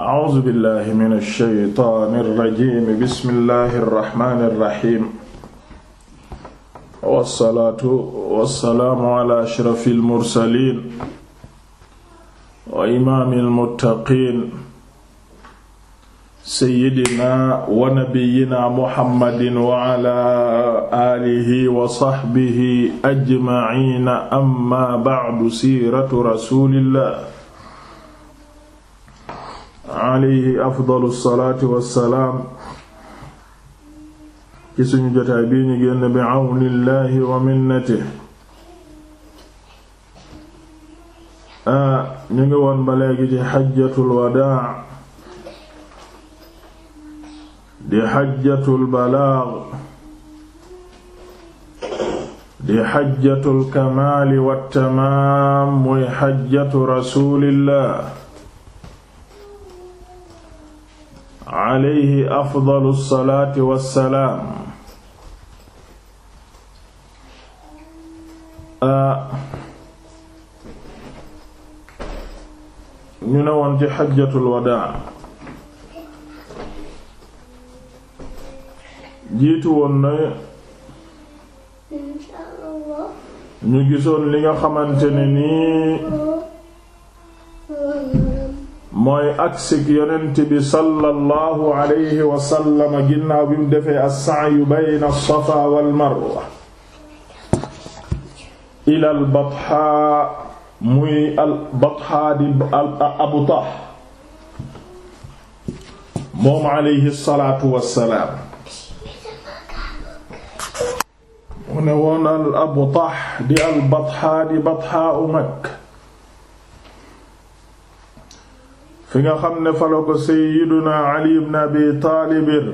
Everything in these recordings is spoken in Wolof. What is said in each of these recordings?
a'uuzu billahi mina shaytaani rajiim bismillahi rahmaani rahiim. wasalaatu wasalaamu ala ashrafil mursaliin. wa imaamil muttaqiin. sayyidina wa nabiyyina muhammadin wa ala aalihi wa sahbihi ajma'iina amma ba'du siiratu rasuulillah. alayhi afdalu salaati wassalaam ci suñu jotaay bii ñu génn bi awnillahi wa minnati ñu ngi woon ba léegi ci xajjatul wadaa di xajjatul balaag di xajjatul kamaali wattamaam muy xajjatu rasulillah alayhi afdalu salaati wassalaam ñu ne woon ci xajjatul wadaa jiitu woon na ñu gisoon li nga xamante ne nii mooy aksik yonent bi sallallahu alayhi wa sallam ginnaaw bi mu defee as-sa'yu bayna as-safa wal marwa ila al-batha muy al-batha di abu tah moom alayhi salaatu wassalaam mu ne woon al-abu tah di al-batha di batha u Makka fi nga xam ne fala ko seyyiduna ali ibn abi taalibir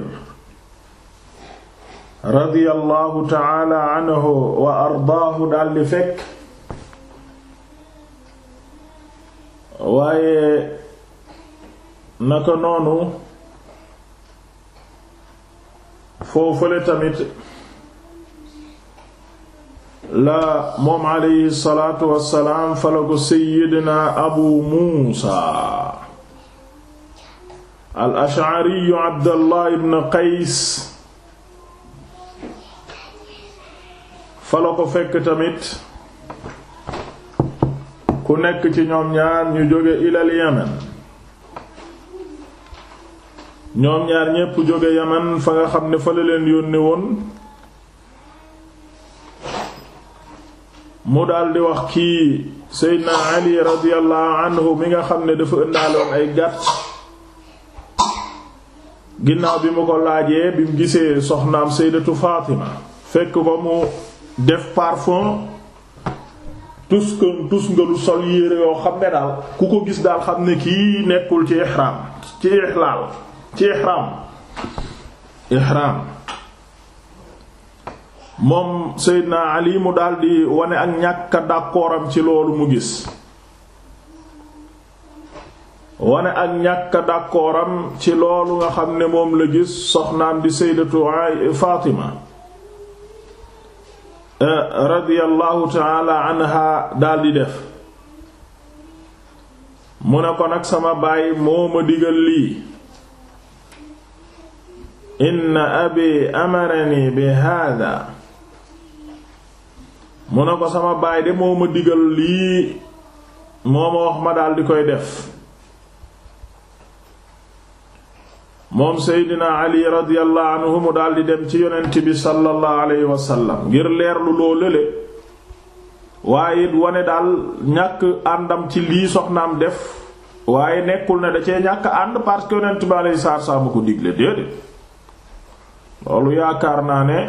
radiyallahu taala anhu wa ardaahu daldi fekk waaye naka tamit la moom alayhi salaatu wassalaam fala ko seyyidina abu muusa al ashariyu abdallah ibn qays fa la ko fekk tamit ku nekk ci ñoom ñaar ñu jóge ilal yaman ñoom ñaar ñépp jóge yaman fa nga xam ne fa la leen yónni woon mu daldi wax kii seydna ali radiyallahu anhu mi nga xam ne dafa ëndaale ay gàtt ginnaaw bi mu ko laajee bim gisee soxnaam sayyidatu Fatima fekk ko mu def parfum tus tus sol yére yoo xam ne daal ku ko gis daal xam ne kii nekkul ci ihram ci ihlaal ci moom Seydina Ali mu daldi wane ak ñàkk a ci loolu mu gis wane ak ñàkk d'accord ci loolu nga xam ne moom la gis soxnaam di sayyidatu Fatima euh, radiyallahu taala anha daldi def mu ne ko nag sama baay moo ma digal lii inna abi amarani bi hada mu ne ko sama baay de moo ma digal lii moo ma wax ma daldi koy def moom seydina ali radiyallahu anhu mu di dem ci yonent bi sallallahu alayhi wasallam ngir leerlu loo lële waaye wane daal ñàkk àndam ci lii soxnaam def waaye nekkul ne da cee ñàkk ànd parce que yonent bi alayhi salaatu wasallam ko digle déedéet loolu yaakaar naa ne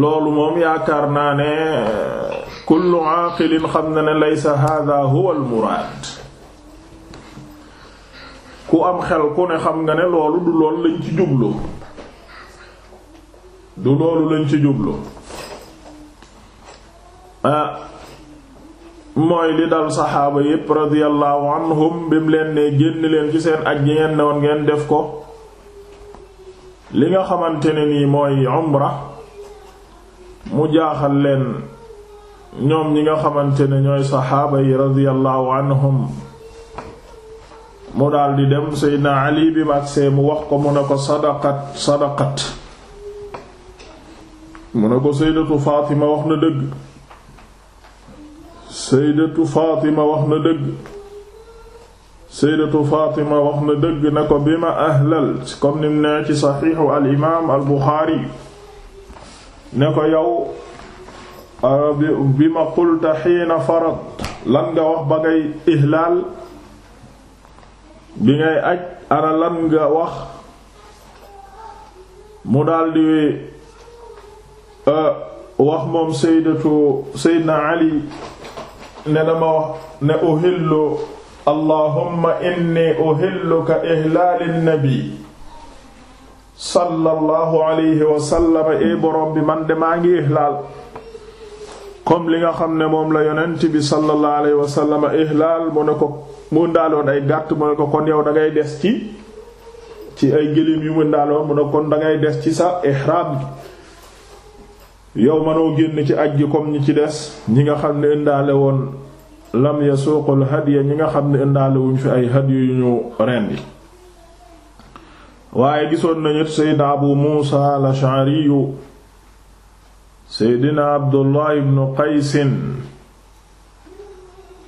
loolu moom yaakaar naa ne kullu aaqilin xam na ne laysa hada huwa al muraad ku am xel ku ne xam nga ne loolu du loolu lañ ci jublu du loolu lañ ci jublu ah, mooy li dal saxaaba yépp radiyallahu anhum bi mu leen ne génn leen ci seen aj ngeen ne woon ngeen def ko li nga xamante ne nii mooy umra mu jaaxal leen ñoom ñi nga xamante ne ñooy saxaaba yi radiyallahu anhum mu daal di dem Seydina Ali bi mu agsee mu wax ko mu ne ko sadaqat sadaqat mu ne ko Sayyidatu Fatima wax na dëgg Sayyidatu Fatima wax na dëgg ne ko bi ma ahlal comme ni mu nee ci saxiixu al al Buxaari ne ko yow bi ma qulta xiina farad lan nga wax ba ngay ihlaal bi ngay aj ana lan nga wax mu daldi e, wax moom sayyidatu sayyidna ali ne dama wax ne uhillu allahumma inni uhilluka ihlaalin nabi sallallahu alayhi wa sallam e borom bi man de maa ngi ihlaal comme li nga xam ne moom la yonent bi sallallahu alayhi wa sallam ihlaal mu ne ko mu ndaaloon ay gàtt mu ne ko kon yow da ngay des ci ci ay gëléem yu mu ndaaloon mu ne kon dangay des ci sa ihraam gi yow mënoo génn ci aj gi comme ñi ci des ñi nga xam ne indaale woon lam yasuqul hadiya ñi nga xam ne indaale wuñ fi ay hadiya yu ñu rendi waaye gisoon nañu sayyid Abu Musa al-Ash'ari seydina abdullah ibnu qaysin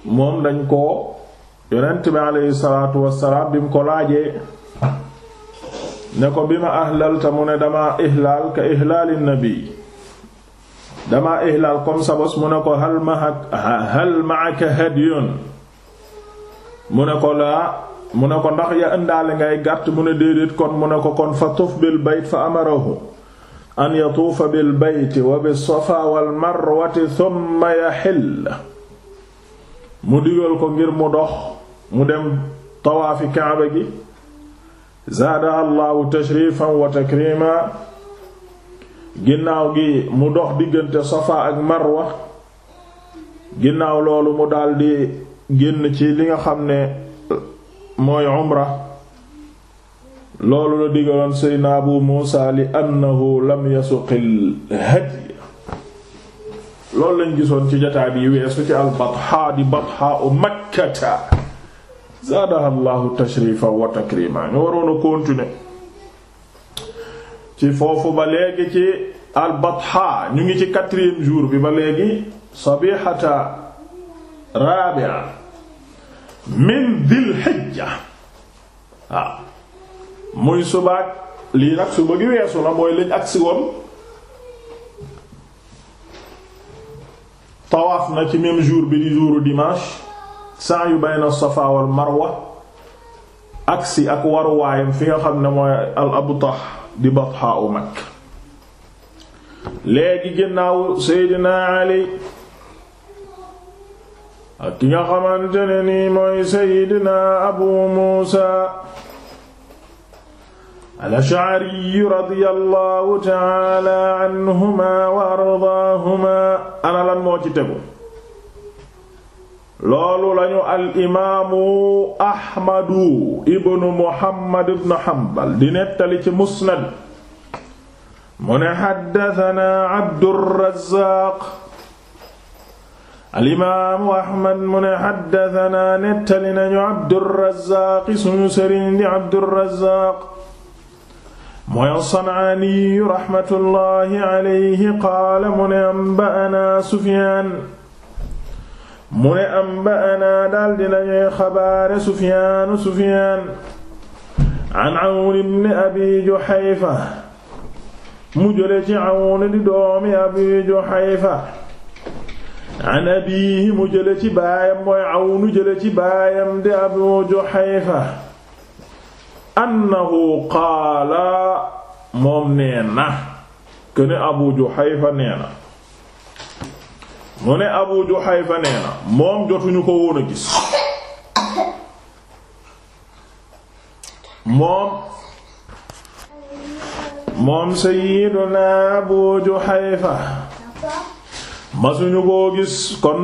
moom dañ ko yonent bi aleyhi salaatu wassalaam bi mu ko laajee ne ko bi ma ahlalta mu ne dama ihlaal ka ihlaali nabi dama ihlaal kom sa bos mu ne ko hal mahak hal ma'aka hadyun mu ne ko laa mu ne ko ndax ya indaale ngay gàtt mu ne déedéet kon mu ne ko kon fa tufbil bayt fa amarahu an yatuufa bil bayti wa bis safaa wal marwati thumma yaxil mu digal ko ngir mu dox mu dem tawaafi kaaba gi zaadaha allahu tashrifan wa takrima ginnaaw gi mu dox diggante safa ak marwa ginnaaw loolu mu daldi génn ci li nga xam ne mooy umra loolu la digaloon seydna abu muusa li annahu lam yasuqil hadiy loolu lañ gisoon ci jataa bi weesu ci al bathaa di bathaa u makkata zaadaha allahu tashrifa wa takrima ñu waroon a continuer ci foofu ba léegi ci al bathaa ñu ngi ci quatrième jour bi ba léegi sabihata rabi'a min dhil hijja waaw ah. muy subaak lii nag suba gi weesu la mooy lañ agsi woon tawaaf na ci même jour bi di jouru dimanche saa yu bayna safa wal marwa agsi ak waruwaayam fi nga xam ne mooy al abtah di batha u mag léegi ginnaaw seydina ali ak ki nga xamante ne nii mooy seydina abu muusa al-Ash'ari radiyallahu ta'ala anhuma wa ardaahuma ana lan moo ci tegu loolu lañu al imaamu ahmadu ibnu muhammad ibnu hanbal di nettali ci musnad mu ne xaddatanaa abdurrazaaq al imaamu ahmad mu ne xaddatanaa nettali nañu abdurrazaaq sunu sëriñ di abdurrazaaq mooy as-San'aani raxmatullaahi alayhi qaala mu ne amba'anaa Sufyaan mu ne amba'anaa daldi nañuy xabaare Sufyaanu Sufyaan an Awn ibn Abi Juhayfa mu jële ci Awn di doomi Abi Juhayfa an abiihi mu jële ci baayam mooy Awn jële ci baayam di Abu Juhayfa annahu qaala moom nee na këne abu juhayfa nee na mu ne abu juhayfa nee na moom jotuñu ko woon gis moom moom sayyiduna abu juhayfa masuñu koo gis kon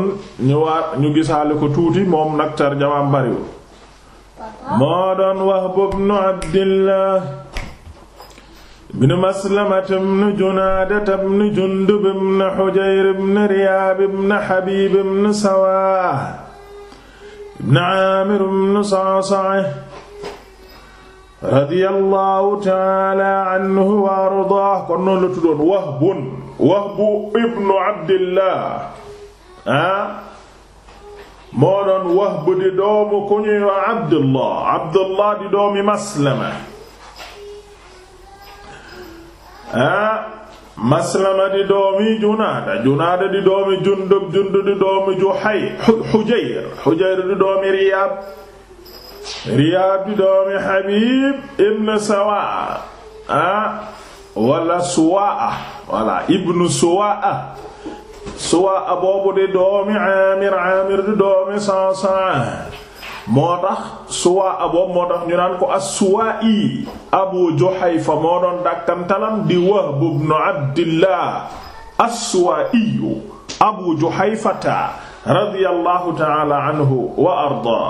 ñu waat ñu gisaale ko tuuti moom nag tarjamaam bariwul moo doon Wahb ibn Abdillah ibn Maslamata ibn Junaadata ibn Jundub ibn Hujayr ibn Riyaab ibn Habiib ibn Sawaah ibn Aamir ibn Sa'sa'a radiyallahu taala anhu wa ardaah kon noonu la tuddoon Wahbun Wahbu ibn Abdillah ah moo Wahb di doomu ku ñuy wax Abdullah Abdullah di doomi Maslama ah Maslama di doomi Junaada Junaada di doomi Jundub Jundub di doomi Juhay Hujayr di doomi Riyaab Riyaab di doomi Habib ibn Sawaa ah wala Suwaa wala ibnu Suwaa suwa aboobu di doomi amir amir di doomi sansan moo tax suwa aboobu moo tax ñu naan ko assuwaa i abu juhayfa moo doon dàkkantalam di wahb ibn abdillah assuwaa iyu abu juhayfata radiyallahu taala anhu wa arda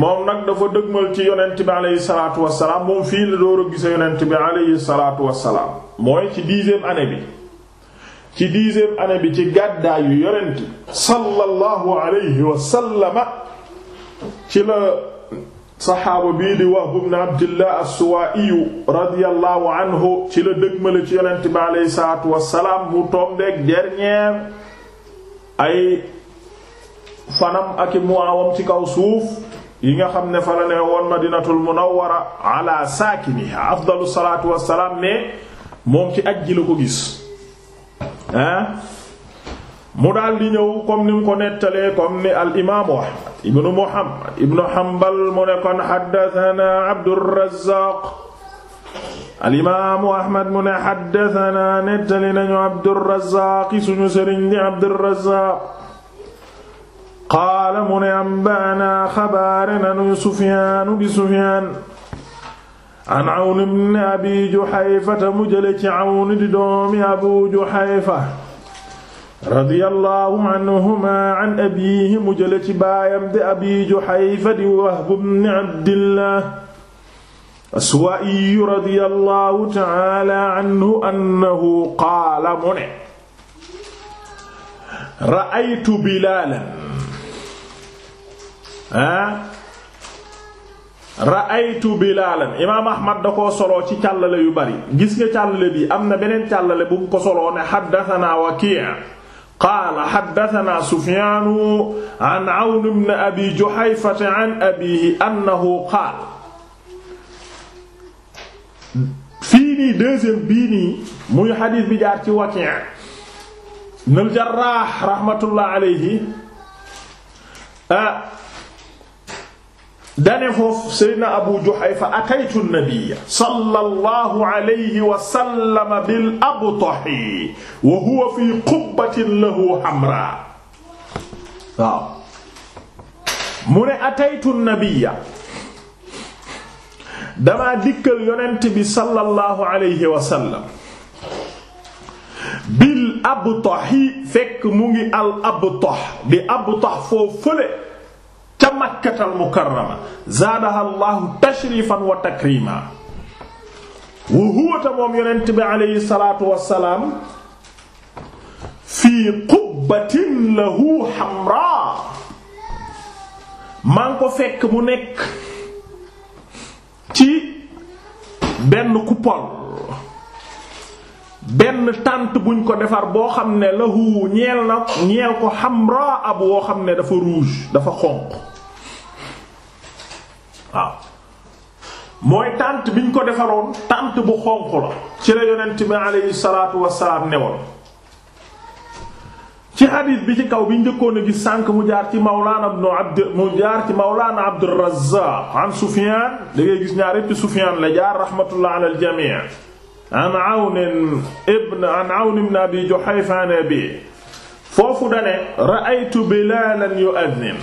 moom nag dafa dëgmal ci yonent bi aleyhi salaatu wasalaam moom fii la door a gise yonent salaatu wasalaam mooy ci dixième année bi ci dixième année bi ci gàddaayu yonent sallallahu alayhi wa ci la saxaaba bii di Wahb ibn Abdillah as-Suwaa'i radiyallahu anhu ci la dëgmale ci yonent bi alayhi salaatu wassalaam mu tombeek dernier ay fanam ak i muwaawam ci kaw suuf yi nga xam ne fa la ne woon Madinatul Munawwara ala saakiniha afdalu salaatu wassalaam ne moom ci ajji la ko gis ah mu daal di ñëw comme ni mu ko nettalee comme ni al imaamu ahmad ibnu muhammad ibnu hanbal mu ne kon xaddatana abdurrazaaq al imaamu ahmad mu ne xaddatana nettali nañu abdurrazaaq suñu sëriñ di abdurrazaaq qaala mu ne ambaana xabaare nanu sufyaanu an Awn ibn Abi Juhayfa ta mu jële ci Awn di doomi Abu Juhayfa radiyallahu anhuma an abiihi mu jële ci baayam di Abi Juhayfa di Wahb ibn Abdillah Aswa'i radiyallahu ta'ala anhu annahu qaala mu ne ra'aytu Bilaalan ah, ra'aytu bilaalan imaam ahmad da koo soloo ci càllale yu bari gis nga càllale bi am na beneen càllale bu mu ko soloo ne xaddatanaa waki' qaala xaddatanaa sufyaanu an awn ibn abi juhayfata an abihi annahu qaala fii nii deuxième muy xadiis bi jaar ci waki' nul jarraax raxmatullah alayhi ah, dane foofu seydna abu juhayfa ataytu nabiyya sallallahu alayhi wa sallam bil abtahi wa huwa fi qubbatin lahu hamra waaw mu ne ataytu nabiyya damaa dikkal yonent bi sallallahu alayhi wa sallam bil abtahi fekk mu ngi al abtah di abtah foofu fële ca makkatal mukarrama zaadaha llahu moom yonent bi salaatu wassalaam fii qubbatin ko fekk bu nekk ci benn coupole benn tànt buñ ko defar boo xam ne lahu ñeel na ñeel ko hamra ab woo xam ne dafa rouge dafa xonq waaw mooy tànt bi ñu ko defaroon tànt bu xonq la ci la yonent bi aleyhi salaatu wassalaam newoon ci hadith bi ci kaw bi njëkkoon a gis sànq mu jaar ci Mawlana ibn mu jaar ci Mawlana Abdur Razzaq an Sufyan da gis ñaar ci Sufyan la jaar rahmatullah ala al an Awn ibn Abi Juhayfa abi foofu dane ra'aytu Bilalan yu'adhdhin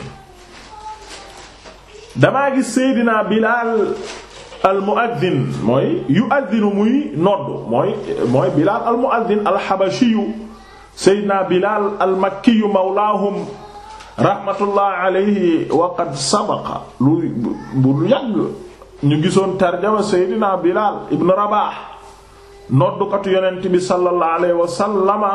damaa gis Seydina Bilaal al muaddin mooy yu addinu muy nodd mooy mooy Bilaal al muaddin al xabashiyu Seydina Bilaal al makkiyu mawlaahum rahmatullah alayhi wa qad sabaqa lu bu yàgg ñu gisoon tarjama Seydina Bilaal ibn Rabaax noddukatu yonent bi sallallahu alayhi wa sallama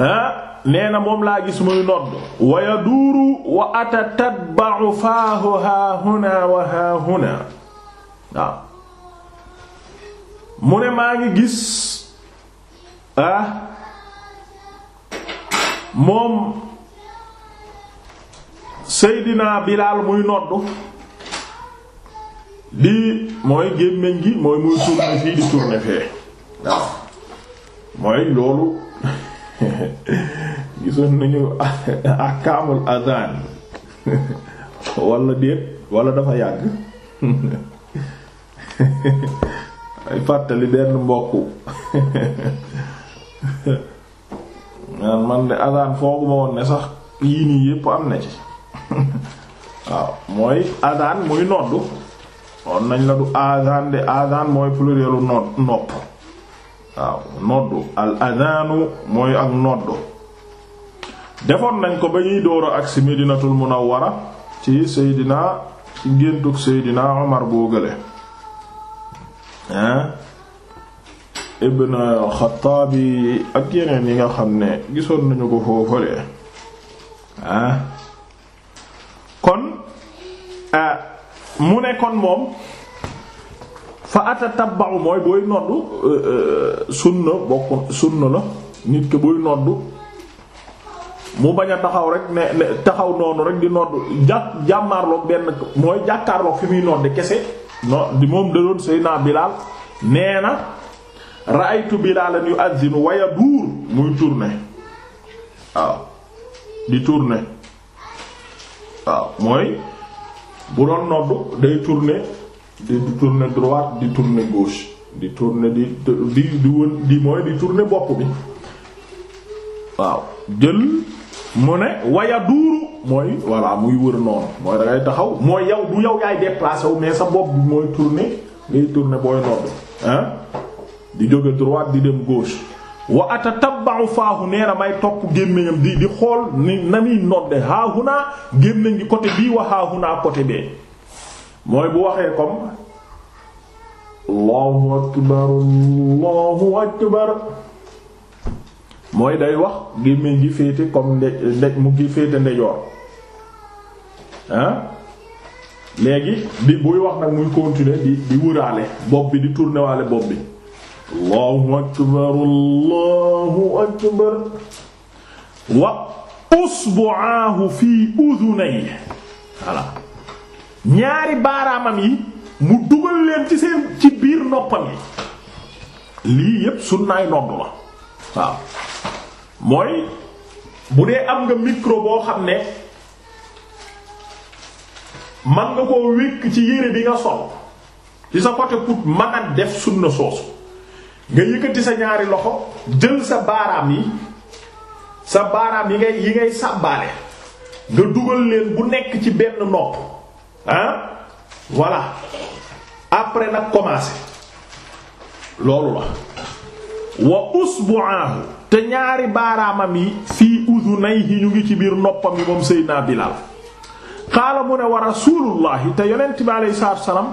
ah nee na moom laa gis muy nodd wa yaduuru wa ata tatba'u faahu haahuna wa haahuna waaw mu ne maa ngi gis ah moom Seydina Bilaal muy nodd di mooy gémmiñ gi mooy muy tourner fii di tourner fee waaw mooy loolu gisoon nañu kaamul adaan wala déet wala dafa yàgg ay fàttali benn mbokk man man de adaan fooguma woon ne sax yii nii yépp am na ci waaw mooy adaan muy nodd woon nañ la du adaan de adaan mooy plurielu nodd nopp waaw noddu al adhaanu mooy ak noddu defoon nañ ko ba ñuy dóor ak si medinatul munawwara ci seydinaa ci géntug seydinaa omar boo gële hein ibn xataabi ak yeneen yi nga xam ne gisoon nañu ko foofalee kon ah, mu ne kon moom fa atatabba'u mooy booy noddu euh, euh, sunna bokk sunna la nit ki buy noddu mu bañ a taxaw rek ne ne taxaw noonu rek di noddu jàpp jàmmaarloog benn mooy jàkkaarloog fi muy noddi kese no di moom da doon Seydina Bilaal nee na ra'aytu Bilaalan yu'adhdhinu wa yaduur muy tourner waaw di tourner waaw mooy bu doon noddu day tourner di tourner droite di tourner gauche di tourner di di di di mooy di tourner bopp bi waaw jël mu ne waya duuru mooy voilà muy wër noonu mooy da taxaw mooy yow du yow yaay déplacé wu mais sa bopp bi mooy tourner ngay tourner booy nodd hein di jóge droite di dem gauche wa atatabba'u faahu nee na may topp gémmiñam di di xool ni na muy nodde côté bii wa haahunaa côté bee mooy bu waxee comme allahu akbar allahu akbar mooy day wax gémmiñ gi féete comme nde nde mu ngi féete ndejoor léegi bi buy wax nag muy continuer di di wëraale bopp bi di tourner bopp bi allahu akbar allahu akbar wa usbu'ahu fi udhunayhi ñaari baaraamam yi mu dugal leen ci seen ci biir noppam yi lii yépp sunnaay nodd la waaw mooy bu dee am nga micro boo xam ne man nga koo wékk ci yére bi nga sol ci sa côté put mën a def sunna soosu nga yëkkati sa ñaari loxo jël sa baaraam yi sa baaraam yi ngay yi ngay sàbbaale nga dugal leen bu nekk ci benn nopp ah voilà après na commencé loolu la wa usbu'ahu te ñaari baaraamam yi fii udunayhi ñu ngi ci biir noppam yi moom Seydina Bilal qaala mu ne wa rasulullahi te yonent bi alayhi salaatu wa salaam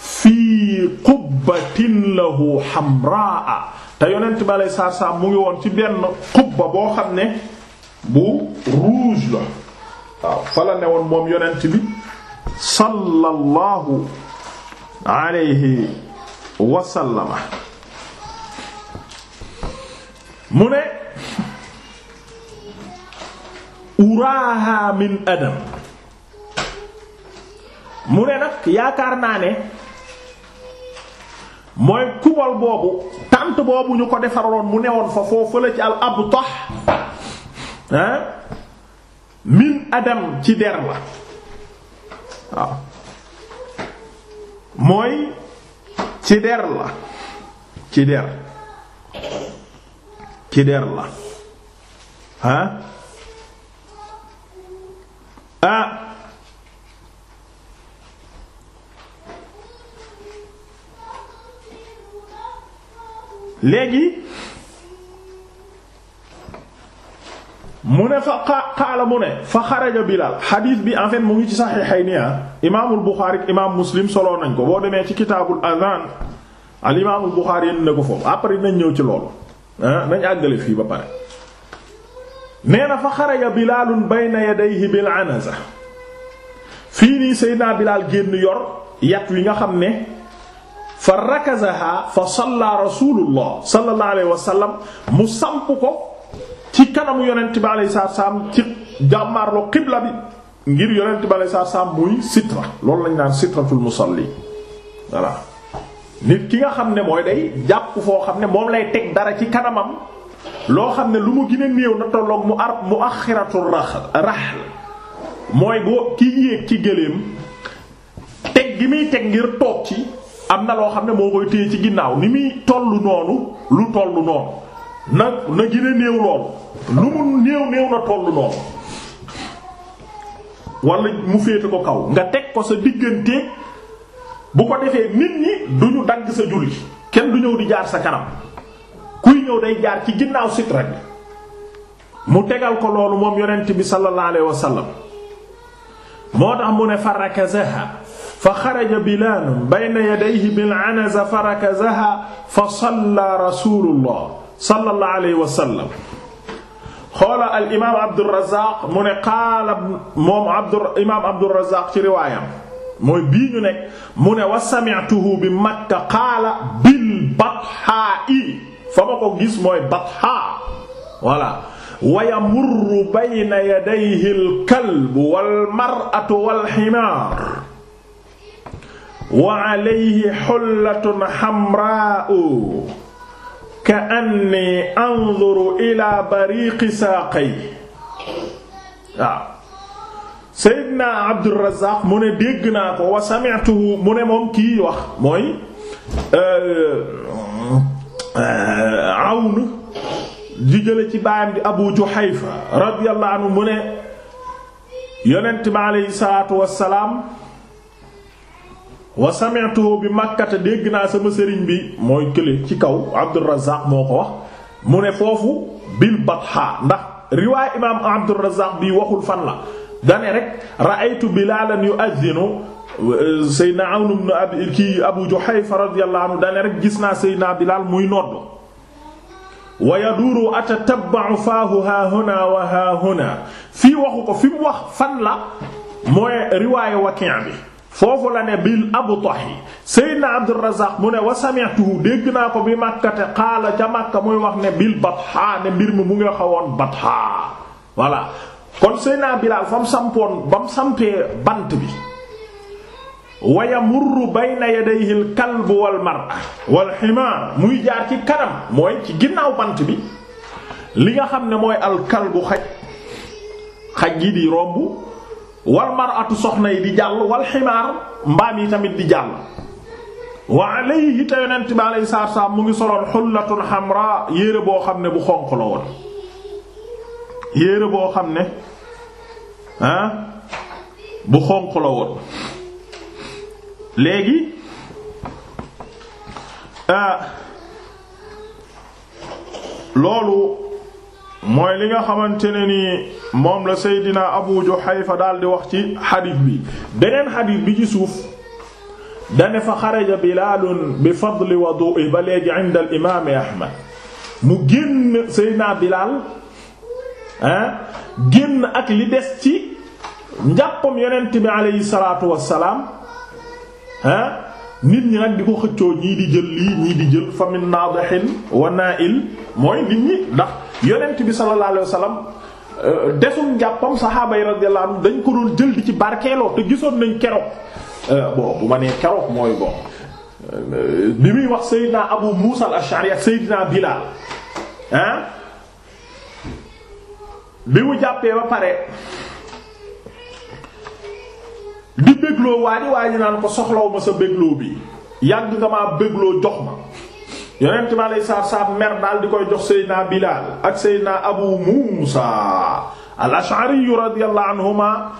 fii qubbatin lahu hamraa te yonent bi alayhi salaatu salaam mu ngi woon ci benn qubba boo xam ne bu rouge la waaw fa ne woon moom yonent bi sallallahu alayhi wa sallama mu ne uraaha min adam mu ne nag yaakaar naa ne mooy kubal boobu tànt boobu ñu ko defaroon mu newoon fa foofu la ci al abtah ah, min adam ci der la waaw mooy ci der la ci der ci der la ah ah léegi mu ne fa qaala mu ne fa xaraja Bilaal xadiis bi en mu ngi ci saxiixayni ah imaamul Buxaari ak imaam Muslim soloo nañ ko boo demee ci kitaabul azaan al imaamul Buxaari yéen na ko foofu après nañ ñëw ci loolu ah nañ àggale fii ba pare. nee na fa xaraja Bilaalun bayna yadayhi bil sa fii nii Seydina Bilaal génn yor yat wi nga xam ne fa rakazaha fa salla rasuulullah sallallahu alayhi wa sallam mu samp ko. ci kanamu yonent bi alayhi salaam ci jàmmaarloo xibla bi ngir yonent bi alayhi salaam muy sitra loolu lañ naan sitratul musalli voilà nit ki nga xam ne mooy day jàpp foo xam ne moom lay teg dara ci kanamam loo xam ne lu mu gën a néew na tolloog mu ar mu axiratul rahl mooy boo ki yéeg ci gëléem teg gi muy teg ngir toog ci am na loo xam ne moo koy téye ci ginnaaw ni muy tollu noonu lu tollu noonu na na gën a néew lool lu mu néew néew na tollu noonu wala mu féete ko kaw nga teg ko sa digganteeg bu ko defee nit ñi duñu dagg sa julli kenn du ñëw di jaar sa kanam kuy ñëw day jaar ci ginnaaw sitra bi mu tegal ko loolu moom yonent bi sallallahu alayhi wa sallam moo tax mu ne fa rakazaha fa xaraja Bilaal bayna yadayhi bil anaza fa rakazaha fa salla rasulullah sallallahu alayhi wa sallam xoola al imaam Abdourazaq mu ne qaala moom Abdu imaam Abdourazaq ci riwaayam mooy bii ñu nekk mu ne wa sami'tuhu bi Makka qaala bil Batxaa'i fa ma ko gis mooy Batxaa voilà wa yamurru bayna yadayhi al kalbu wal mar'atu wal himaar wa alayhi hullatun hamraa'u ka anni anzuru ila bariqi saaqay waaw Seydina Abdurrazaaq mu ne dégg naa ko wa sami'tuhu mu ne moom kii wax mooy euh, euh, Awn di jële ci baayam di Abu Juhayfa radiyallahu anhu mu ne yonent bi alayhi salaatu wassalaam wa sami'tuhu bi makkata dégg naa sama sëriñ bi mooy kële ci kaw Abdurrazzaq moo ko wax mu ne foofu bil batha ndax riwaay imaam Abdurrazzaq bi waxul fan la dane rek ra'aytu Bilaalan yu'adhdhinu euh, Seydina Awn ibn Abi kii Abu Juhayfa radiyallahu dane rek gis naa Seydina Bilaal muy nodd wa yaduuru atatabba'u faahu haahuna wa haahuna fii waxu ko fi mu wax fan la mooy riwaaya Waki' bi foofu la ne bil abtahi sayyidina abdurrazzaq mu ne wa sami'tuhu dégg naa ko bi makkate xaala ca makka muy wax ne bil batha ne mbir mi mu nga xawoon batha voilà kon sayyidina bilaal fa mu sampoon ba mu sampee bant bi wa yamurru bayna yadayhi al kalb wal mar'a wal himaar muy jaar ci kanam mooy ci ginnaaw bant bi li nga xam ne mooy al kalbu xaj xaj yi di romb wal atu soxna yi di jàll wal ximaar mbaam yi tamit di jàll waa alayhi te yonent bi alayhi salaatu mu ngi soloon xullatun xamra yére boo xam ne bu xonq la yére boo xam ne bu xonq la woon léegi euh, loolu mooy li nga xamante ne ni moom la Seydina Abu Juhayfa daal di wax ci xadiis bi beneen xadiis bi ci suuf dane fa xaraja Bilaal bi fadli wudu'i ba léegi inda al imaam Ahmad mu génn Seydina Bilaal ah génn ak li des ci njàppam yonent bi aleyhi salaatu wassalaam ah nit ñi nag di ko xëccoo ñii di jël lii ñii di jël famin naadihin wa naa'il mooy nit ñi ndax yonent bi sallallahu alayhi wa sallam euh, desum jàppam saxaaba yi radiyallahu anhu dañ ko doon jël di ci barkeeloo te gisoon nañ keroog euh, bon ma nee keroog mooy bon euh, bi muy wax Seydina Abu Musa al-Ash'ari ak Seydina bi mu jàppee ba pare di bégloo waa ji waa ji naan ko soxlaw ma sa bégloo bi yàgg nga maa bégloo jox ma yonent bi aleyhi salaatu mer daal di koy jox Seydina Bilaal ak Seydina Abu Muusa al-Ash'ari radiyallahu anhuma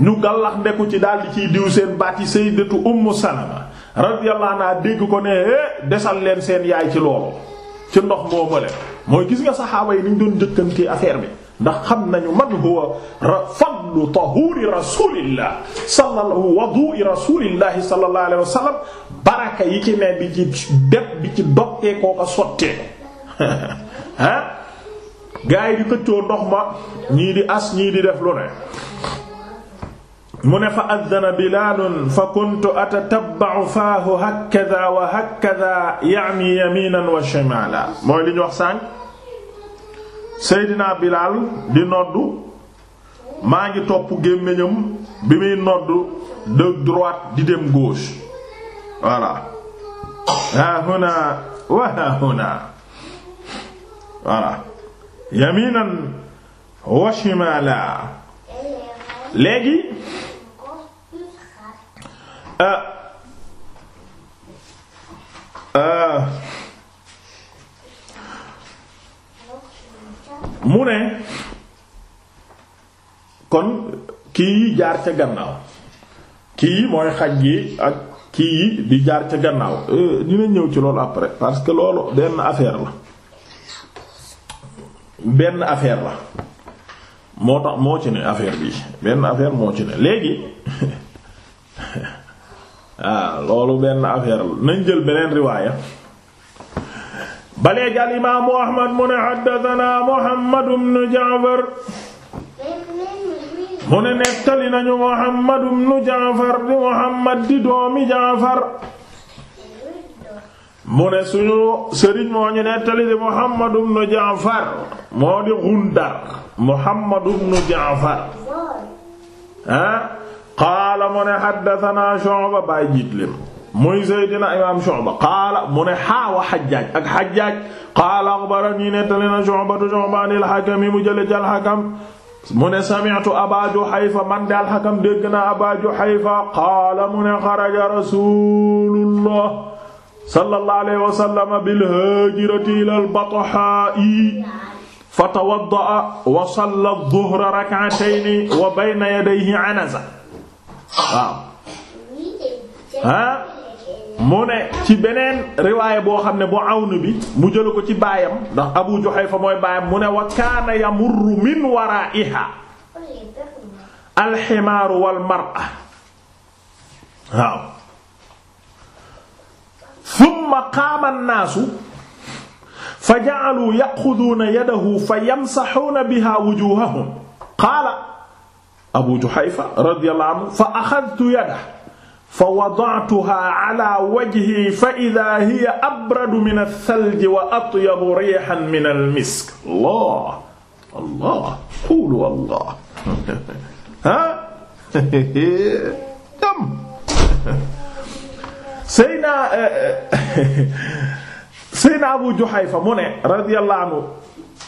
ñu gàllax ndeku ci daal di ciy diw seen baat yi Sayyidatu Ummu Salama radiyallahu anha dégg ko ne eh, desal leen seen yaay ci loolu ci ndox moo mooy gis nga saxaaba yi niñ doon jëkkantee affaire bi ndax xam nañu man huwa fadlu tahuuri rasuulillah sallallahu wudu'i rasuulillahi sallallahu alayhi wa baraka yi ci ne bi ci def bi ci dokkee koo ko sottee ah di këccoo ndox ma ñii di as ñii di def lu ne mu ne fa addana bilaal fa kuntu atatabba'u faahu hakadha wa hakadha ya'ni yaminan wa shimala mooy li ñu wax sànk Seydina Bilaal di noddu maa ngi topp gémmiñam bi muy noddu de droite di dem gauche voilà ha huna wa ha huna voilà yaminan wa shimala léegi euh, euh, mu ne kon kii yi jaar ca gannaaw kii mooy xaj yi ak kii yi di jaar ca gannaaw euh, dina ñëw ci loolu après parce que loolu benn affaire la benn affaire la moo tax moo ci ne affaire bii benn affaire moo ci ne léegi ah loolu benn affaire la nañ jël beneen riwaaya ba léegi imaamu Ahmad mu ne haddathana Muhammad ibn Ja'far mu nettali nañu Muhammad ibnu Jaafar di Muhammad di doomi Jaafar mu ne suñu sëriñ moo ñu nettali di Muhammad ibnu Jaafar moo di Gundar Muhammad ibnu Jaafar ah qaala mu ne haddathana Shu'ba baay Seydina Imaam Shu'ba qaala mu ne xaawa Hajjaaj ak Hajjaaj qaala axbaranii nettali na Shu'ba Shu'ba anil Hakam mu jële ci al Hakam mu ne sami'tu Aba Juhayfa man daal xakam dégg naa Aba Juhayfa qaala mu ne xaraja rasuulullah sallallahu alayhi wa sallam bil haajirati ilal bathaa fatawadda'a wa salla zuhra rak'atayni wa bayna yadayhi anaza waaw mu ne ci beneen riwaaya boo xam ne bu awn bi mu jëla ko ci baayam ndax Abu Juhayfa mooy baayam mu ne wa kaana yamurru min waraa'iha alximaaru wal mar'a waaw thumma qaama an-naasu fa ja'aluu ya'xuduuna yadahu fa yamsahuuna bihaa wujuuhahum qaala Abu Juhayfa radiyallahu anhu fa axadtu yadahu fa wada'tuha ala wajhi fa idha hiya abradu min ath-thalji wa atyabu rihan min al-misk allah allah qulu allah ha tam seyna seyna abu juhayfa mu ne radiyallahu anhu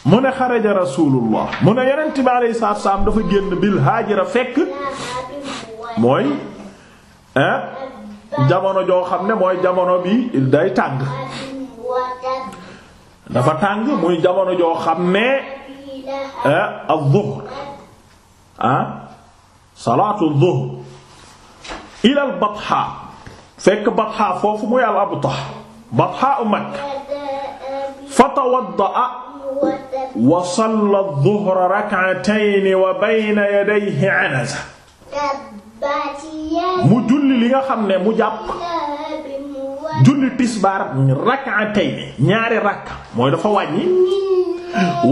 mu ne xaraja rasulullah mu ne yonent bi alayhi salaatu wa salaam dafa génn bil haajira fekk mooy jamono joo xam ne mooy jamono bi day tàng dafa tàng muy jamono joo xam ne az-zuhr ah salaatu zuhr ilal batha fekk batha foofu muy al abtah batha Makka fa tawadda wa salla az-zuhra rak'atayn wa bayna yadayhi anaza mu julli li nga xam ne mu jàpp julli tisbaar rak'atayn ñaari rakk mooy dafa wàññi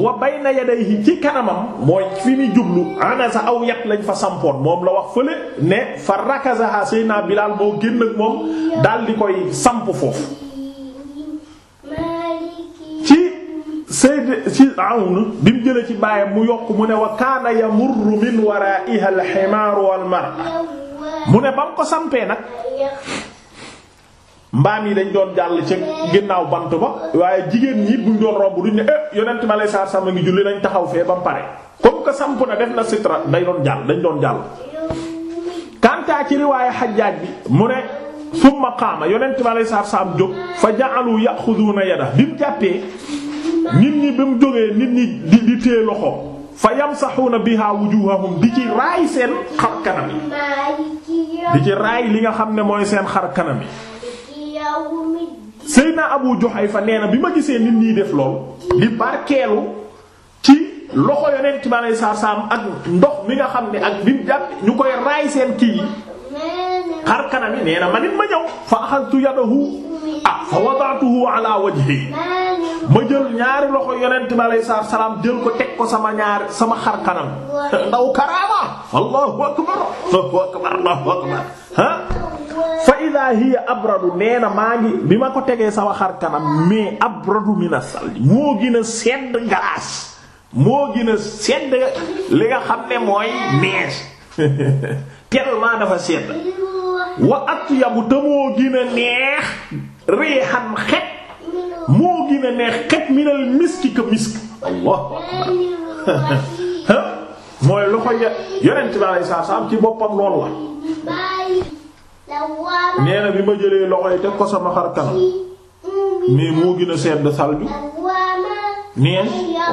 wa bayna yadayhi ci kanamam mooy fi ni jublu sa aw yat lañ fa sampoon moom la wax fële ne fa rakazaha sayna Bilaal moo génn ak moom daal di koy samp foofu sayd ci bi mu jëlee ci baayam mu yokk mu ne wa kaana yamurru min waraa'iha al-himaaru wal mu ne ba mu ko sampee nag mbaam yi dañ doon jàll ci ginnaaw bant ba waaye jigéen ñi buñ doon romb duñ ne eh yonent ma lay saar sama ngi julli dañ taxaw fee ba mu pare comme que samp na def na sitra day doon jàll dañ doon jàll kantaa ci riwaaye xajaaj bi mu ne summa qaama yonent ma lay saar saam jóg fa ja'alu ya'khuduna yada bi mu jàppee nit ñi bi mu jógee nit ñi di di téye loxo fa yamsaxuuna biha wujuhahum di ci raay seen xar kanam yi di ci raay li nga xam ne mooy seen xar kanam yi Seydina Abu Juhayfa nee na bi ma gisee nit ñiy def lool di barkeelu ci loxo yonent bi aleyhi salaatu ak ndox mi nga xam ne ak bim jàpp ñu koy raay seen kii yi xar kanam yi nee na ma nit ma ñëw fa axadtu yadahu ah fa wada'tuhu ala wajhi ma jël ñaari loxo yonent bi alayhi salaatu salaam ko teg ko sama ñaari sama xar ndaw karaama allahu akbar allahu akbar allahu akbar fa idaa hiya abradu nee maa ngi bi ma ko tegee sama xar kanam mais abradu mina salji moo gën sedd glace moo gën sedd li nga xam ne mooy neige tellement dafa sedd wa atyabu te moo gën neex rihan xet moo gën a neex xet minal miski ka misk mooy loxo ya yonent bi alayhi salaam ci boppam lool la nee bi ma jëlee loxo yi teg ko sama xar kanam mais moo gën a sedd salju neen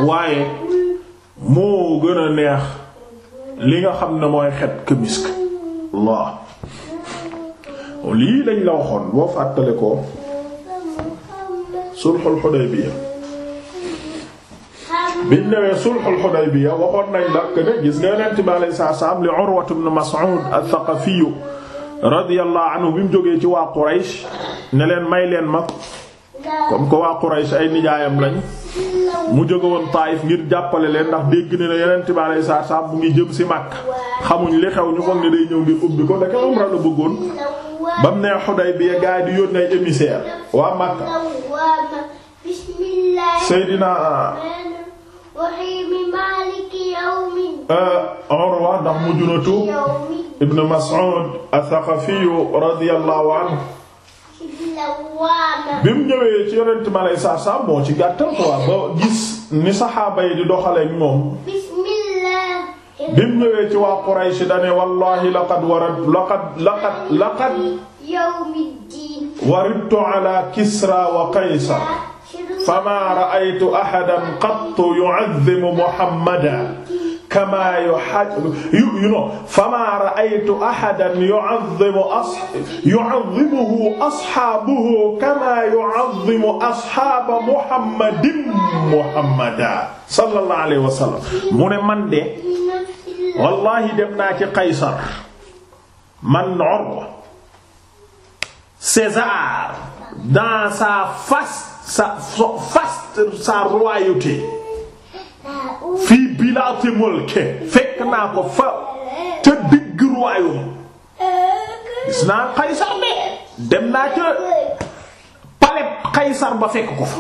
waaye moo gën a neex li nga xam ne mooy xet ka misk allah lii lañ la waxoon boo fàttale ko sulxul xudaybiya biñ newee sulxul xudaybiya waxoon nañ la ne gis nga yonent bi alayhi salaam li Urwa ibn al-Thaqafi radiyallahu bi mu jógee ci waa Quraysh ne leen may leen ma comme que waa Quraysh ay nijaayam lañ mu jóge woon Taayif ngir jàppale leen ndax dégg ne ne yonent bi alayhi salaam bu ngi jëm ci Makka xamuñ li xew ñu foog ne day ñëw ngir ubbi ko da ko umra la bëggoon. ba mu nee Xudaybiya gaa yi di yónnee émissaire waa Makka Seydina Urwa uh, uh, ndax mujj na tuub Ibn Mas'ud Ath-Thaqafi radiyallahu anhu bi mu ñëwee ci yonent ma lay saa saa moo ci gàttal quoi ba gis ni saxaaba yi di doxaleek moom bi mu ñëwee ci waa Quraysh dane wallahi laqad warad laqad laqad laqad waridtu ala Kisra wa Qaysar famaa ra'aytu ahadan qattu yu'azzimu muhammadan kamaa yuhajjiru you know famaa ra'aytu ahadan yu'azzimu as yu'azzimuhu ashaabuhu kamaa yu'azzimu ashaaba muhammadin muhammadan sallallahu alayhi wa sallam mu ne man de wallaahi dem naa ci Qaysar man Urwa César dans sa face sa so sa royauté fii bilaati mulke fekk naa ko fa ca digg royaume naa Qaysar de dem naa ca palais Qaysar ba fekk ko fa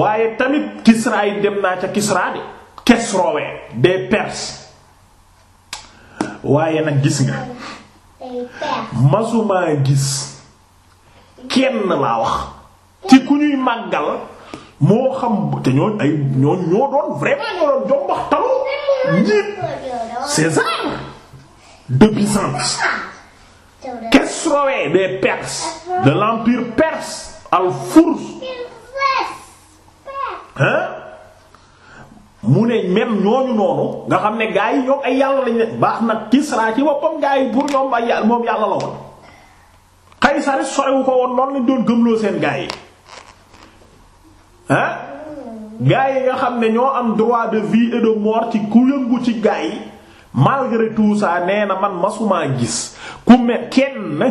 waaye tamit Kisra yi dem naa ca Kisra de Kesrowe des Perses waaye nag gis nga masumaa gis kenn laa wax ci ku ñuy màggal moo xam te ñooñ ay ñooñ ñoo doon vraiment ñoo doon jombax talu njiit César de Byzance Kesroé des Perses de l'empire perse al hein mu ne même ñooñu noonu nga xam ne gaa yi ñoom ay yàlla lañ ne baax nag Kisra ci boppam gaa yi pour ñoom ay yàlla moom yàlla la woon Qaysar soxewu ko woon noonu lañ doon gëmloo seen gaa yi ah gaa yi nga xam ne ñoo am droit de vie et ci ku yëngu ci gaa yi malgré tout ça nee na man masumaa gis ku me kenn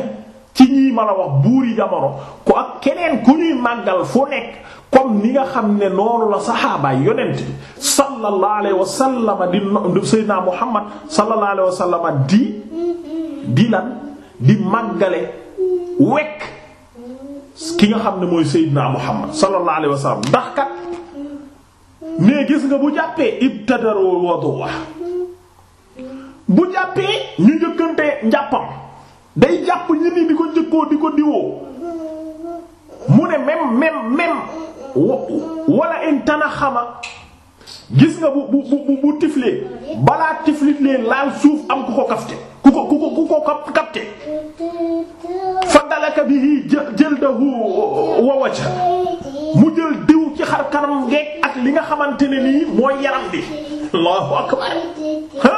ci ñii ma la wax buuri jamono ko ak keneen ku ñuy màggal fu nekk comme ni nga xam ne noonu la saxaabaay yonent bi sallallahu alayhi wa sallam di Muhammad sallallahu alayhi di di di màggale wekk ki nga xam ne mooy Seydina Muhammad sallallahu alayhi wa sallam ndax kat mais gis nga bu jàppee ibtadaroo wuduwa bu jàppee ñu njëkkante njàppam day jàpp ñi ni di ko njëkkoo di ko diwoo mu ne même même même wala in tanaxama gis nga bu bu bu bu tiflee balaa tiflit lee laal suuf am ku ko kafte ku ko ku ko ku ko kapte fa dalaka bihi jildahu wa wajha mu jël diw ci xar kanam geeg ak li nga xamante ne nii mooy yaram bi allahu akbar ha